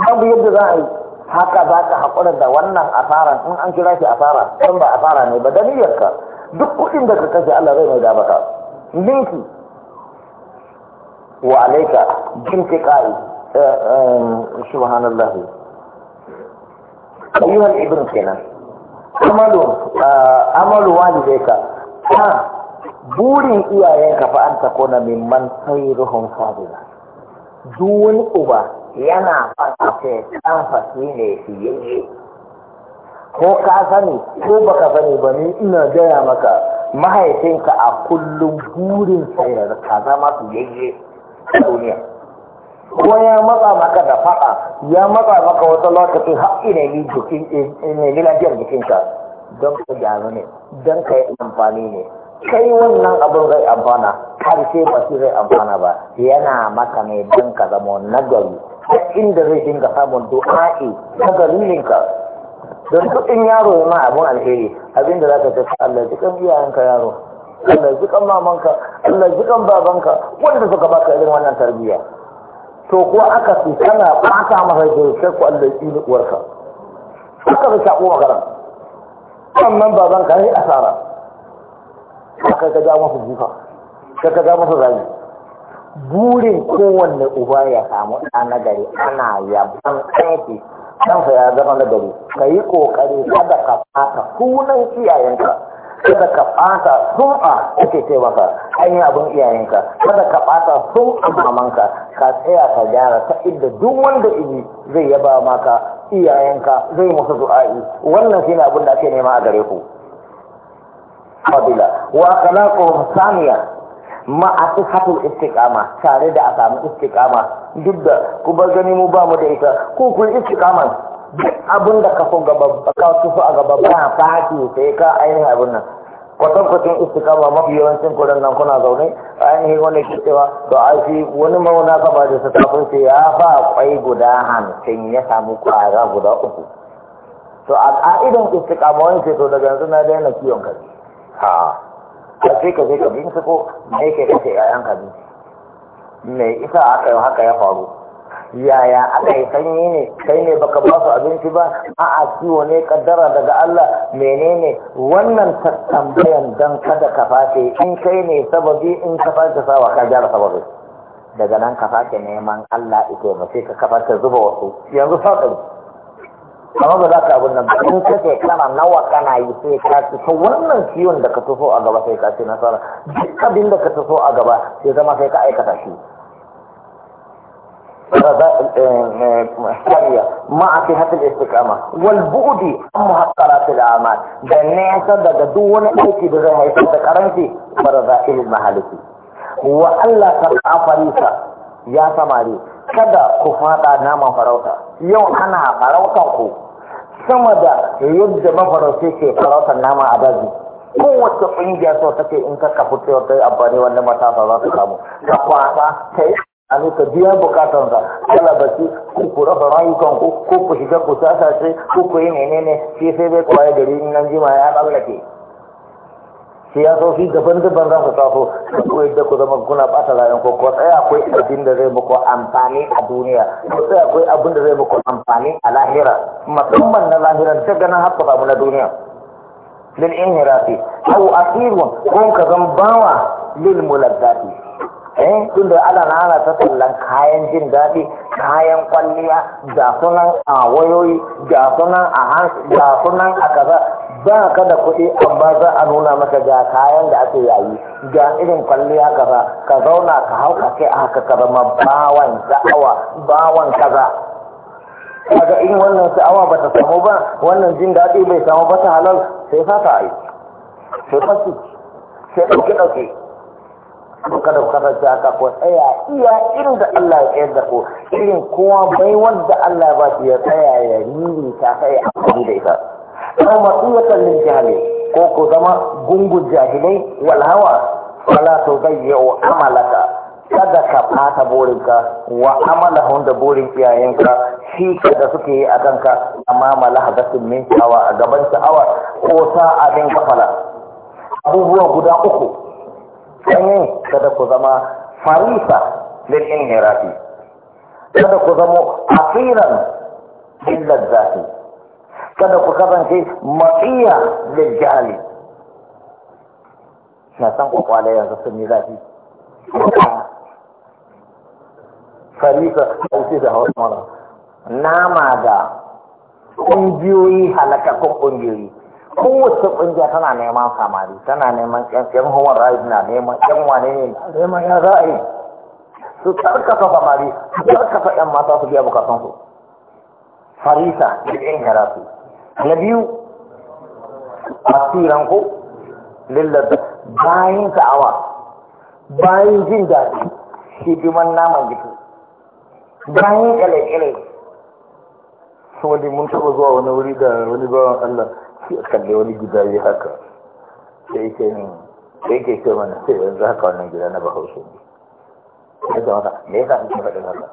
babu yadda za a yi haka za ka haƙura da wannan asaran in an kira shi asara don ba asara ne ba da ka duk kuɗin da ka kashe Allah zai mai da ninki Wa alaika وعليك بانتقائي سبحان الله أيها الابن كنا عمل عمل والديك burin iyayenka fa an takuna mimman ruhun fadila duk wani uba yana fata ce dan fasi ne fiye ko ka sani ko baka sani ba ni ina gaya maka mahaifinka a kullum burin sayar ka zama fiyayye duniya ko ya matsa maka da ya matsa maka wata lokaci har ina ni jikin ne lafiyar jikinka don ka gyaru ne don ka yi amfani ne kai wannan abin zai amfana karshe ba shi zai amfana ba yana maka ne don ka zama nagari inda zai dinga samun du'a'i nagarin ka don duk yaro ya ma abin alheri abin da za ka ce Allah ji kan iyayenka yaro Allah ya jikan mamanka Allah ya jikan babanka wanda suka baka irin wannan tarbiyya to ko aka fi kana bata masa jiri sai ku Allah ya ni uwarka aka fi shaƙo magana wannan babanka ne asara aka ka ja masa jifa ka ka ja masa zagi burin kowanne uba ya samu ɗa na gari ana yaban aiki ɗansa ya zama na gari ka yi ƙoƙari kada ka fata sunan iyayenka kada ka ɓata sun a ake ce maka an abin iyayenka kada ka ɓata sun a mamanka ka tsaya ka gyara ta inda duk wanda iji zai yaba maka iyayenka zai musu du'a'i wannan shine abin da ake nema a gare ku fadila wa khalaqahum samiya ma asihatul istiqama tare da a samu istiqama duk da ku bar gani mu ba mu da ita ku ku istiqaman duk abin da ka so babba ka tufa a gaba ba fati sai ka ainihin abin nan kwatankwacin ba mafi yawancin kudin nan kuna zaune ainihin wani ke cewa a fi wani mauna ka ba da su tafin sai ya fa kwai guda hamsin ya samu kwara guda uku to a ka'idan istika istikama wani ce to daga yanzu na daina kiwon kaji ha a sai ka je ka bin su ko me ke kashe 'ya'yan kaji me isa aka yi haka ya faru yaya aka yi sanyi ne kai ne baka ba su abinci ba a'a ciwo ne kaddara daga Allah menene wannan tambayan dan kada ka fashe in kai ne sababi in ka fashe sawa ka gyara sababi daga nan ka fashe neman Allah ita ba sai ka kafarta zuba wasu yanzu faɗin amma ba za ka abin nan ba in ce kana nawa kana yi sai ka ci ta wannan ciwon da ka taso a gaba sai ka ci nasara duk abin da ka taso a gaba sai zama sai ka aikata shi الثانية مع صحة الاستقامة والبعد عن محقرات الأعمال بأن يصدق دون أيتي بغير يصدق رنسي برذائل المهالكي وألا تقع فريسة يا سماري kada ku faɗa naman farauta yau ana farautar ku sama da yadda mafarauci ke farautar nama a daji kowace ƙungiya so take in ka kafa ta yi amfani wannan matasa za su samu ta kwasa ta yi an ka biya kala ba ko ku rasa rayukanku ko ku shiga ku sasace ko ku yi menene shi sai bai kwaye gari in nan jima ya ya sofi daban-daban za su taso ko yadda ku zama kuna ɓata rayan ko ko tsaya akwai abin da zai muku amfani a duniya ko tsaya akwai abin da zai muku amfani a lahira musamman na lahira daga nan haka ku samu na duniya lil inhirafi aw asirun ko ka zan bawa lil muladdati eh tunda ana nana ta tallan kayan jin daɗi kayan kwalliya ga sunan a wayoyi ga sunan a hansu ga sunan a kaza ba ka da kuɗi amma za a nuna maka ga kayan da ake yayi ga irin kwalliya kaza ka zauna ka hau ka kai aka ah, ka zama bawan za'awa bawan kaza kaga in wannan sha'awa ba ta samu ba wannan jin daɗi bai samu ba ta halal sai fata ai sai fasi sai ɗauke ɗauke kada ku ta ka ko tsaya iya irin da Allah ya tsayar da ku irin kowa bai wanda Allah ya ba shi ya tsaya ya nini ta kai amfani da ita aw masiyatan lil jahili ko ku zama gungun jahilai wal hawa fala tudayyu amalaka kada ka fata burinka wa amala da burin iyayenka shi da suke yi a kanka amma malahadatin min sha'awa a gaban sha'awa ko sa'a din kafala abubuwa guda uku sanyi kada ku zama farisa lil inhirafi kada ku zama asiran illar zafi, kada ku kasance matsiya lil jahali na san kwakwale yanzu sun yi zafi farisa hausi da hausa nama da ƙungiyoyi halakakkun ƙungiyoyi kowace kungiya tana neman samari tana neman yan homer rights na neman yan wane ne Ya za a yi. su karkasa samari su karkasa yan mata su biya su farisa da yan karatu na biyu tsiran ko lillata bayan sa'awa bayan jin daɗi hidiman naman jiki bayan kyale-kyale sau da mun taɓa zuwa wani wuri da wani bawan Allah sai a kalli wani gida ya haka sai ke ne sai ke ke mana sai yanzu haka wannan gida na bahaushe ne sai da wata me yasa ake faɗin haka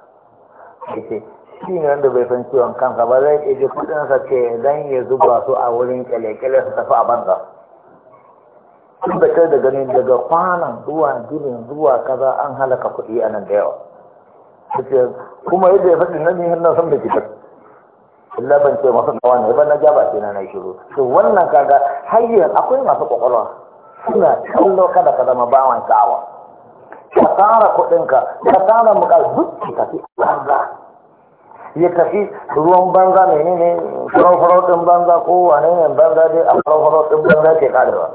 sai ce shi ne wanda bai san ciwon kansa ba zai iya ji kuɗinsa ke dan ya zuba su a wurin kyale su tafi a banza tun da kai da ganin daga kwanan zuwa jirin, zuwa kaza an halaka kuɗi a nan da yawa kuma yadda ya faɗi nan ne hannun san da ke illa ban ce masa kawa ne ba na jaba ce na na shiru to wannan kaga hayyar akwai masu ƙwaƙwalwa. suna kallo kada ka zama bawan kawa ka tara kuɗinka ka tara muka zuci ka fi banza ya tafi ruwan banza mene farau-farau ɗin banza ko wane ne banza dai a farau-farau ɗin banza ke karewa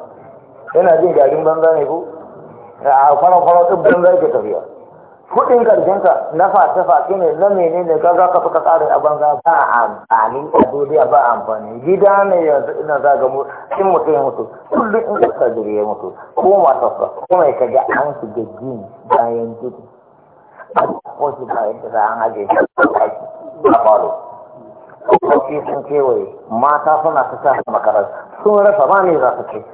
yana jin garin banza ne ko a farau-farau ɗin banza ke tafiya kuɗin garjinka na face-face ne na menene ka za ka fi kasarin a banza ba amfani a duniya ba amfani gida ne yanzu ina za ga in mutum ya mutu kullum in ka jiri ya mutu ko matarsa ko mai kaga an su ga jini bayan jini a ko shi bayan da an haje shi a falo ko sun kewaye mata suna ta sa makarar sun rasa ba ne za su ce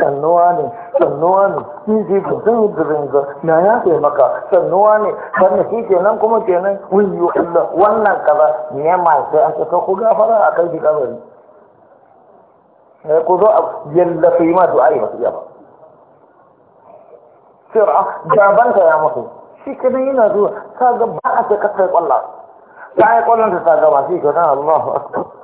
sannuwa ne sannuwa ne shi shi ke sun yi ziringa na ya ce maka sannuwa ne wannan shi ke nan kuma ke nan wiyu Allah wannan kaza ne ma sai an ce ku gafara a kai shi kabari eh, ku zo a yalla su yi ma du'a yi masu yaba sir'a gabanta ya mutu shi ke nan yana zuwa ta ga ba a ce kasar kwallon ta yi kwallon ta ta gaba shi ke nan Allahu akbar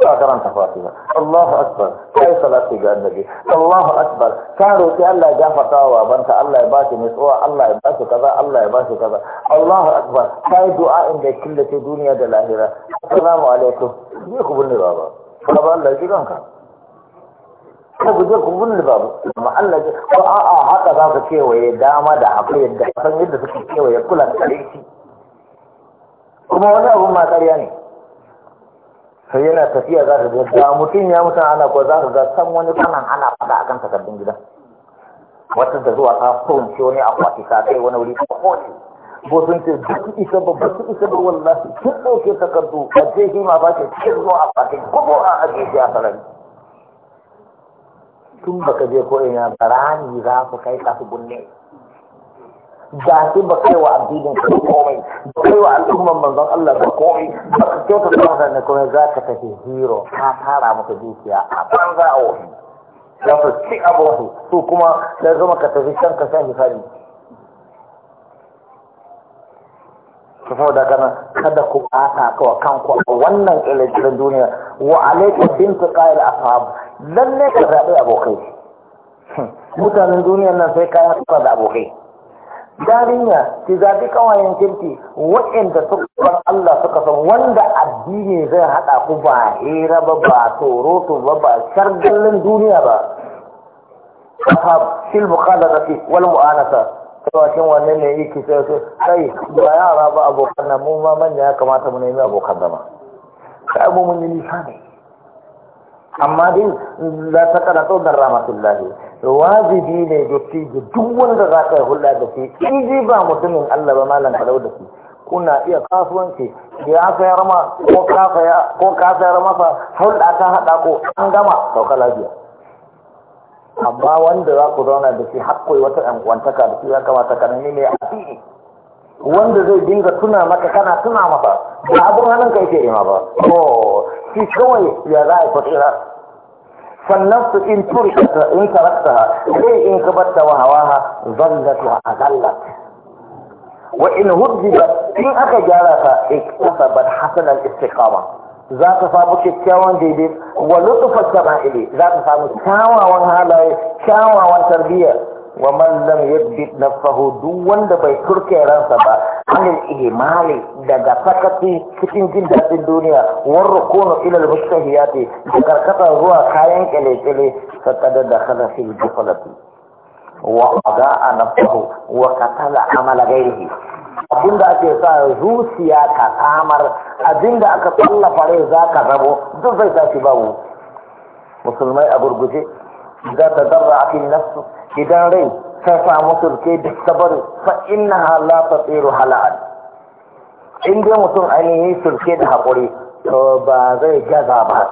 ka karanta fatiha Allahu akbar kai salati ga annabi Allahu akbar ka roki Allah ya gafarta wa banta Allah ya baki nutsuwa Allah ya baki kaza Allah ya baki kaza Allahu akbar kai du'a inda killace duniya da lahira assalamu alaikum ni ku bunni baba baba Allah ya jiranka ka guje ku bunni baba amma Allah ya ko a a haka za ka kewaye dama da hafi yadda san yadda suke kewaye kula da kare kuma wani abun ma ƙarya ne sai yana tafiya za ka ga mutum ya mutu ana ko za ka ga san wani kanan ana faɗa kan takardun gidan wata da zuwa ta kunce wani akwati ta kai wani wuri ta kunce ko sun ce duk isa ba ba su isa ba wallahi kin ɗauke takardu a jehi ma ba ce cikin zuwa a fatin a ajiye a sarari tun baka je ko ina barani za ku kai ka bunne ga ba kai wa addinin ka komai ba kai wa al'umman manzon Allah ka komai ba ka kyauta ta masa ne kuma za ka tafi hero ka fara maka dukiya a banza a wani za su ci abuwa su kuma sai zama ka tafi can ka shan hifari da kana kada ku ɓata kawa kanku a wannan ƙilancin duniya wa alaika bintu ƙayar ashab lalle ka zaɓi abokai mutanen duniyar nan sai kayan suka da abokai yarinya ki zaɓi ƙawayen kirki waɗanda suka Allah suka san wanda addini zai haɗa ku ba hira ba ba su ba ba shargallin duniya ba ashab fil fi wal mu'anasa Tawashin wanne ne ki sai su Sai. ba yara ba abokan nan mu ma manya ya kamata mu nemi abokan zama kai mu mun yi nisa ne amma dai za ta karatu da rahmatullahi wajibi ne da fi duk wanda za ka yi hulɗa da shi in ji ba mutumin Allah ba malam kalau da shi kuna iya kasuwanci ya sayar ma ko ka sayar masa hulɗa ta haɗa ko an gama sauka lafiya amma wanda za ku zauna da shi har koyi wata ƴan'uwantaka da shi ya kamata ka nemi mai addini. wanda zai dinga tuna maka kana tuna masa ba abin hannun ka yake ima ba to oh, shi kawai ya za a yi fatira فالنفس إن تركت إن تركتها أي إن كبت وهواها ظلت وأذلت وإن هدبت إن أكجارك اكتسبت حسن الاستقامة za ta samu kyakkyawan daidai wa lutufa sama'ili za ta samu kyawawan halaye kyawawan tarbiyyar. wa man lam na nafsahu duk wanda bai turke ransa ba anil ihmali daga sakati cikin jin daɗin duniya war kono ila al mustahiyati da karkata zuwa kayan ta kele da dakhala fil jufalati wa adaa nafsahu wa qatala amala ghairihi abinda ake sa zuciya ka kamar abinda aka tsallafa rai za ka rabo duk zai tashi babu musulmai a gurguje za ta zarra a nafsu idan rai ta samu turke da sabar fa inna la tsiru halal in dai mutum ainihin turke da haƙuri to ba zai gaza ba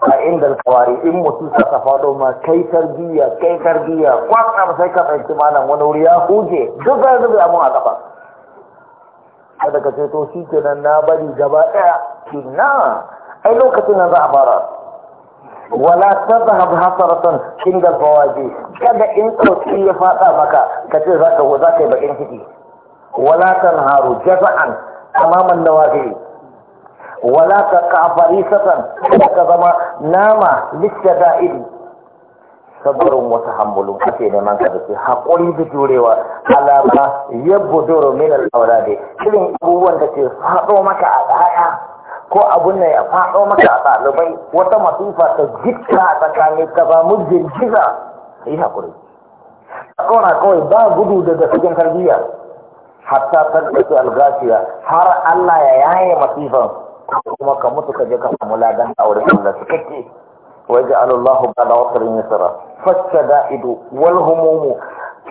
a inda kawari in mutum ta faɗo ma kai tarbiyya kai tarbiyya kwakwa ba sai ka tsanci malam wani wuri ya huje duk ya zube amma a ƙafa kada ka ce to shi kenan na bari gaba ɗaya kina ai lokacin nan za a fara wala tazhab hasaratan shingar fawaji kada in ɗauki ya fada maka ka ce zaka za ka yi bakin hidi wala haru jaza'an da nawafi wala ka kafarisatan ka zama nama da'in sabrun wata tahammulun kace ne man ka dace haƙuri da jurewa alama yabduru min al-awladi irin abubuwan da ke faɗo maka a ɗaya ko abun nan ya faɗo maka a ɗalibai wata masifa ta jika a tsakanin ka samu girgiza yi haƙuri a ƙona kawai ba gudu daga cikin tarbiyya hatta ta ɗauki algashiya har Allah ya yaye masifan kuma ka mutu ka je ka samu ladan aure Allah su kake Wai waje alallahu wasu rin yasara da ido, wal humumu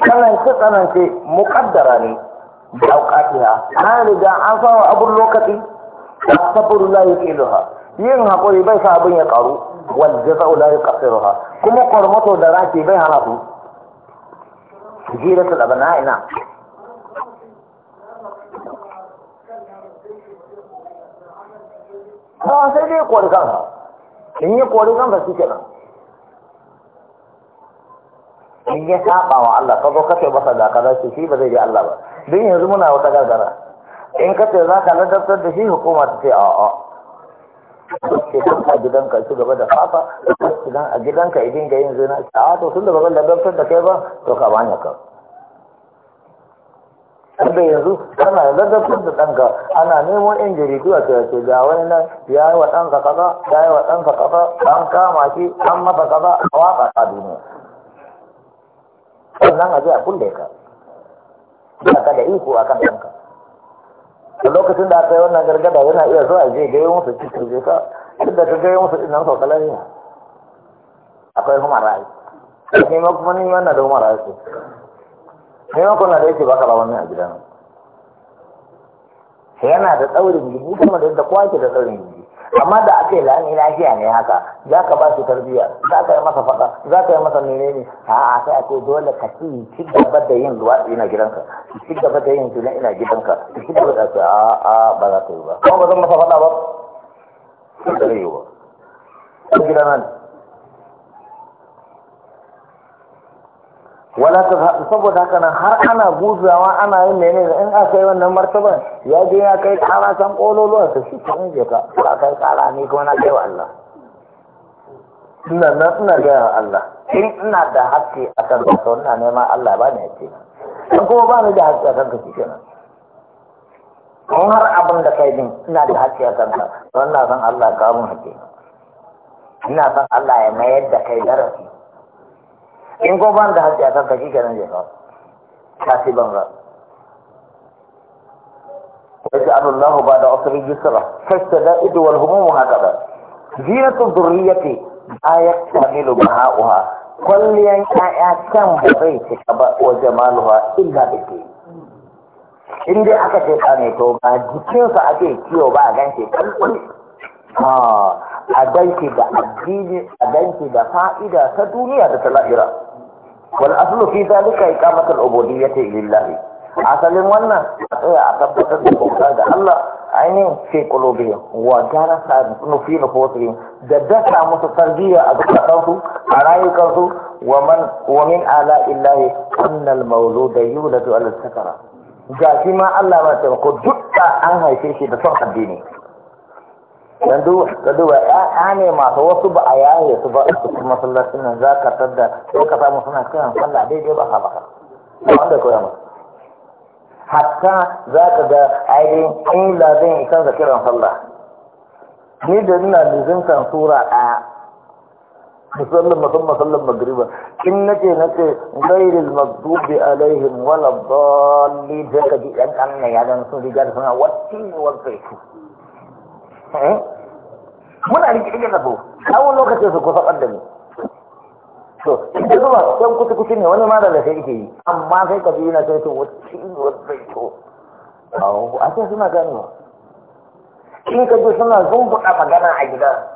tsanance tsananci muƙaddara ne da auƙatiya na riga an samu abun lokaci asabru la yuqiluha yin hakuri bai sa abin ya karu wal jaza'u la yuqsiruha kuma kormato da raki bai hana su hijratul abna ina ba sai dai kori kansa in yi kori kansa shi kenan in ya saba wa Allah ka zo kace masa da kaza ce shi ba zai bi Allah ba don yanzu muna wata gargara in ka ce za ka ladabtar da shi hukuma ta ce a'a ke kuma a gidanka su gaba da fafa idan a gidanka idin ga yin zina a to sun da ba ladabtar da kai ba to ka bani ka wanda yanzu kana ladabtar da ɗanka ana nemo ƴan jaridu a ce ga wani nan ya yi wa ɗanka kaza ya yi wa ɗanka kaza an kama shi an masa kaza a waƙa a duniya sannan a je a kulle ka ba ka da iko a kan ɗanka a lokacin da aka yi wannan gargada yana iya zuwa je gaya musu cikin je ka da ka gaya musu ɗin nan sau kalari akwai kuma ra'ayi ne ma kuma ni wannan da kuma ra'ayi ce ne ma kuna da yake baka ba wannan a gidan yana da tsaurin gidi kuma da yadda kwake da tsaurin gidi amma da ake lani lafiya ne haka za ka ba shi tarbiyya za ka yi masa faɗa za ka yi masa menene a sai a ce dole ka ci ci gaba da yin luwaɗi ina gidanka ci gaba da yin zina ina gidanka ci gaba da ce a'a ba za ka yi ba kuma ba zan masa faɗa ba ba zai yi ba gidan nan wala ta saboda haka nan har ana guzawa ana yin mene in aka yi wannan martaban ya je ya kai kara san kololuwa ta shi ta je ka ka kai kara ne kuma na kai wa Allah ina nan ina ga Allah in ina da a kan ka to ina neman Allah ba ni haƙƙi in kuma ba ni da a akan ka kenan in har abin da kai din ina da a kan ka to ina san Allah ka mun haƙƙi ina san Allah ya mayar da kai darasi in ko ban da haƙƙi a kanka shi kenan je ka ta fi ban ra wajen alullahu ba da asirin yusra kasta da ido wal mu haka ba zinatu zurriyati ayat tamilu baha'uha kwalliyan ƴaƴa can ba zai cika ba wa jamaluha illa da ke in dai aka ce ka ne to ba jikinsa ake ciwo ba a gan shi a danke da addini a danke da fa'ida ta duniya da ta lahira wal aslu fi zalika iqamatu al ubudiyyati lillahi asalin wannan a tsaya a tabbatar da bauta ga Allah ainihin fi qulubi wa jarasa nufi nufusihim da dasa musu tarbiyya a zukatansu a rayukansu wa man wa min ala illahi anna mawluda yuladu al sakara ga shi ma Allah ba ta ko duk an haife shi da son addini yanzu ka duba ya ne masu wasu ba a yaye su ba su kuma masallacin nan za ka tadda ko ka samu suna kiran sallah daidai ba ka ba wanda koya masa hatta za ka ga ainihin illa zan isan da kiran sallah ni da ina kan sura a musallin musamman masallin magriba in nace nace gairil magdubi alaihim wala dalli da ka ji ɗan ƙanna ya dan sun riga da suna wacce ne wacce Eh? muna rikirgin da su tsawon lokacin su kusa ɓar da mu to inda zuwa yan kusa kusa ne wani ma da lafiya ike yi amma sai ka biyu na sai to wacce yi wacce to a ce suna ganewa in ka ji suna buɗa magana a gida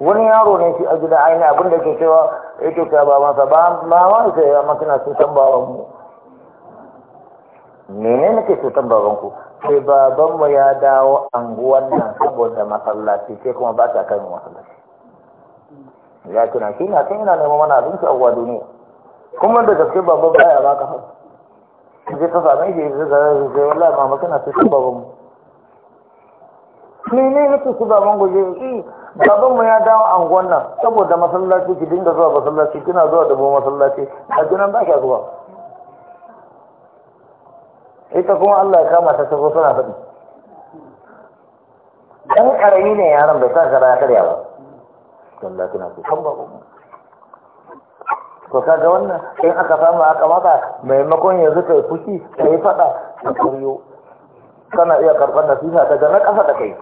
wani yaro ne shi a gida aini abin da ke cewa ya ke ta ba masa ba ma ma sai ya makina sun san baban mu menene nake cutar baban ku sai babanmu ya dawo anguwan nan saboda masallaci sai kuma ba ta kai masallaci ya tuna shi na san ina neman mana abinci a uwa duniya kuma da gaske baban baya ba ka hau je ka same shi da ga zai wallahi mama kana ta babanmu ni ne nake shi baban goje shi babanmu ya dawo anguwan nan saboda masallaci ki dinga zuwa masallaci kina zuwa da mu masallaci a gidan ba ka zuwa ita kuma Allah ya kama ta tafi suna faɗi Ɗan ƙarami ne yaron bai taka ya karya ba wallahi kina ku san babu ko kaga wannan in aka samu aka maka maimakon yanzu kai fushi kai faɗa ka karyo kana iya karɓar nasiha ga na ƙasa da kai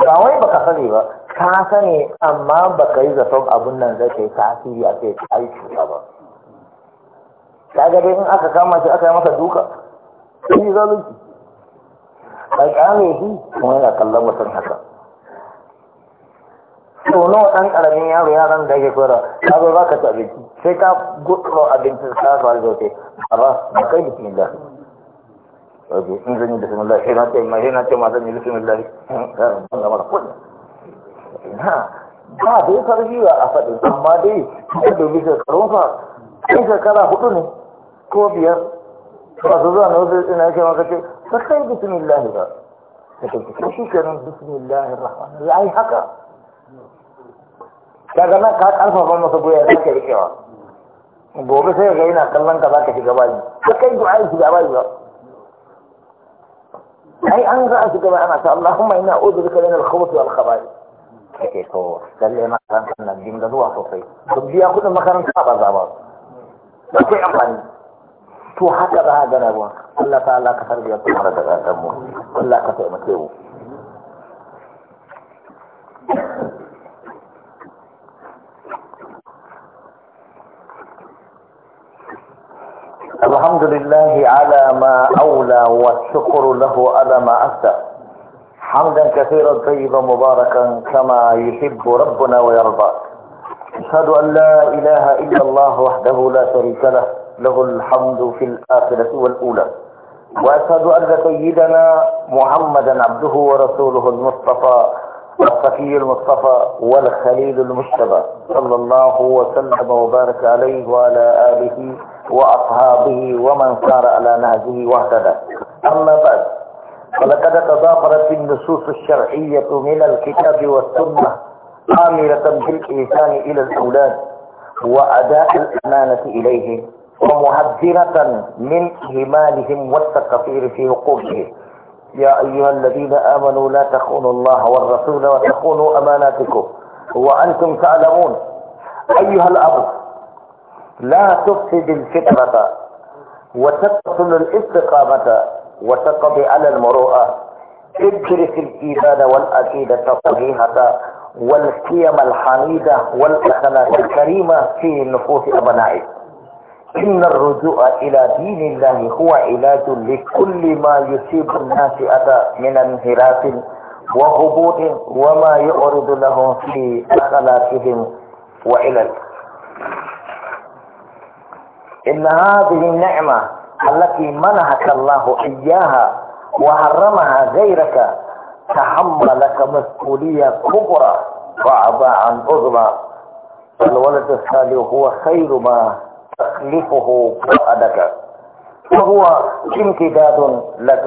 ba wai baka sani ba ka sani amma baka yi zaton abun nan zai kai tasiri a kai aiki ba kaga dai in aka kama shi aka yi masa duka shi zalunci a kyale shi kuma yana kallon mutum haka sau nawa ɗan ƙaramin yaro yaran da ake kora ka zo za ka ci abinci sai ka gutsuro abincin ka su harzo ce a ba ba kai bismillah ok in zan yi da bismillah sai na ce ma sai na ce ma zan yi bismillah ba ga mara kuɗi ba dai sarfi ba a faɗin amma dai ka dubi shekarun fa kai shekara hudu ne ko biyar فرزوزان وزر انا كما قلت فخير بسم الله ذا لكن تكشي كانون بسم الله الرحمن الرحيم اي حقا كاغنا كات الفا فما سبويا ذاك الكوا بوبا سي غينا كلان كذا كشي كباي فكاي دعاء سيدي اباي اي ان راس كما انا اللهم انا اعوذ بك من الخبث والخبائث كيف هو قال لي ما كان كنا دين ده هو صوفي طب دي اخذ المكان تبع زعما لكن امان الحمد لله على ما أولى والشكر له على ما أسى حمدا كثيرا طيبا مباركا كما يحب ربنا ويرضى أشهد أن لا إله إلا الله وحده لا شريك له له الحمد في الآخرة والأولى وأشهد أن سيدنا محمدا عبده ورسوله المصطفى والصفي المصطفى والخليل المجتبى صلى الله وسلم وبارك عليه وعلى آله وأصحابه ومن سار على نهجه واهتدى أما بعد فلقد تضافرت النصوص الشرعية من الكتاب والسنة آمرة بالإنسان إلى الأولاد وأداء الأمانة إليهم ومهذرة من إهمالهم والتقصير في حقوقهم يا أيها الذين آمنوا لا تخونوا الله والرسول وتخونوا أماناتكم وأنتم تعلمون أيها الأرض لا تفسد الفكرة وتقتل الاستقامة وتقضي على المروءة ادرس الإيمان والعقيدة الصحيحة والقيم الحميدة والأخلاق الكريمة في نفوس أبنائك إن الرجوع إلى دين الله هو علاج لكل ما يصيب الناس من انحراف وهبوط وما يعرض لهم في أخلاقهم وعلل إن هذه النعمة التي منحك الله إياها وحرمها غيرك تحملك مسؤولية كبرى وعباء عن عظمى فالولد الصالح هو خير ما تخلفه بعدك وهو امتداد لك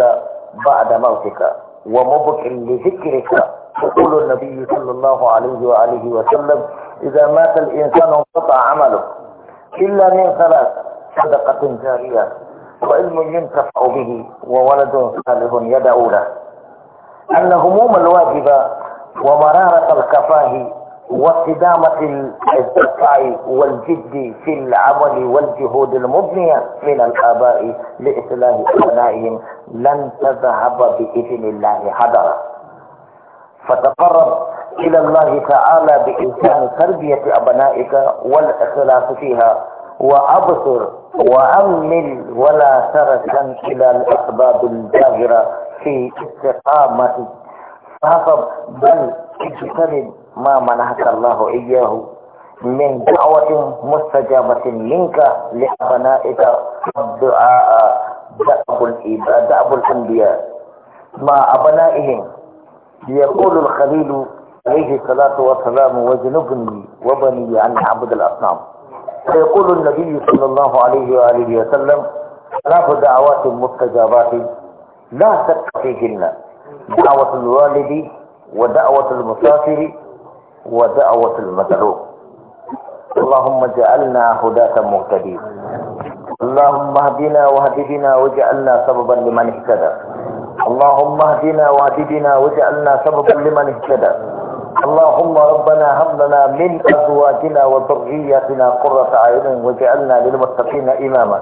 بعد موتك ومبك لذكرك يقول النبي صلى الله عليه وآله وسلم إذا مات الإنسان انقطع عمله إلا من ثلاث صدقة جارية وعلم ينتفع به وولد صالح يدعو له أن هموم الواجبة ومرارة الكفاه وإدامة الدفع والجد في العمل والجهود المبنية من الآباء لإصلاح أبنائهم لن تذهب بإذن الله حضرا فتقرب إلى الله تعالى بإنسان تربية أبنائك والإخلاص فيها وأبصر وأمل ولا تركن إلى الأسباب الجاهرة في استقامة فهذا بل اجتنب ما منحك الله إياه من دعوة مستجابة منك لأبنائك الدعاء دعب الإباء دعب الأنبياء مع أبنائهم يقول الخليل عليه الصلاة والسلام وجنبني وبني عن عبد الأصنام فيقول النبي صلى الله عليه وآله وسلم ثلاث دعوات مستجابات لا شك فيهن دعوة الوالد ودعوة المسافر ودعوة المدعو اللهم اجعلنا هداة مهتدين اللهم اهدنا واهدنا واجعلنا سببا لمن اهتدى اللهم اهدنا واهدنا واجعلنا سببا لمن اهتدى اللهم ربنا هب لنا من ازواجنا وذرياتنا قرة اعين واجعلنا للمتقين اماما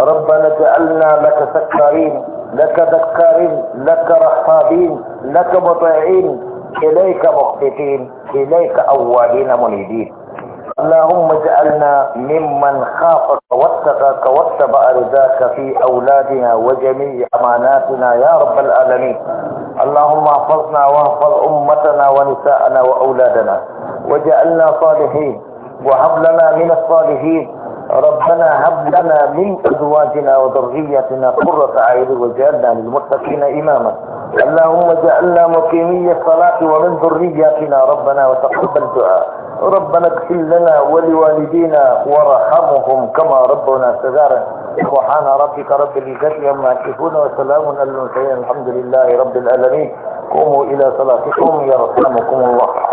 ربنا اجعلنا لك سكارين لك ذكارين لك رحابين لك مطيعين اليك مخبتين إليك أولين منيبين اللهم اجعلنا ممن خافك واتقاك واتبع رضاك في أولادنا وجميع أماناتنا يا رب العالمين اللهم احفظنا واحفظ أمتنا ونساءنا وأولادنا واجعلنا صالحين وهب لنا من الصالحين ربنا هب لنا من ازواجنا وذريتنا قرة اعين واجعلنا للمتقين اماما اللهم اجعلنا مقيمي الصلاة ومن ذريتنا ربنا وتقبل دعاء ربنا اغفر لنا ولوالدينا وارحمهم كما ربنا صغارا سبحان ربك رب العزة عما يصفون وسلام على المرسلين الحمد لله رب العالمين قوموا الى صلاتكم يرحمكم الله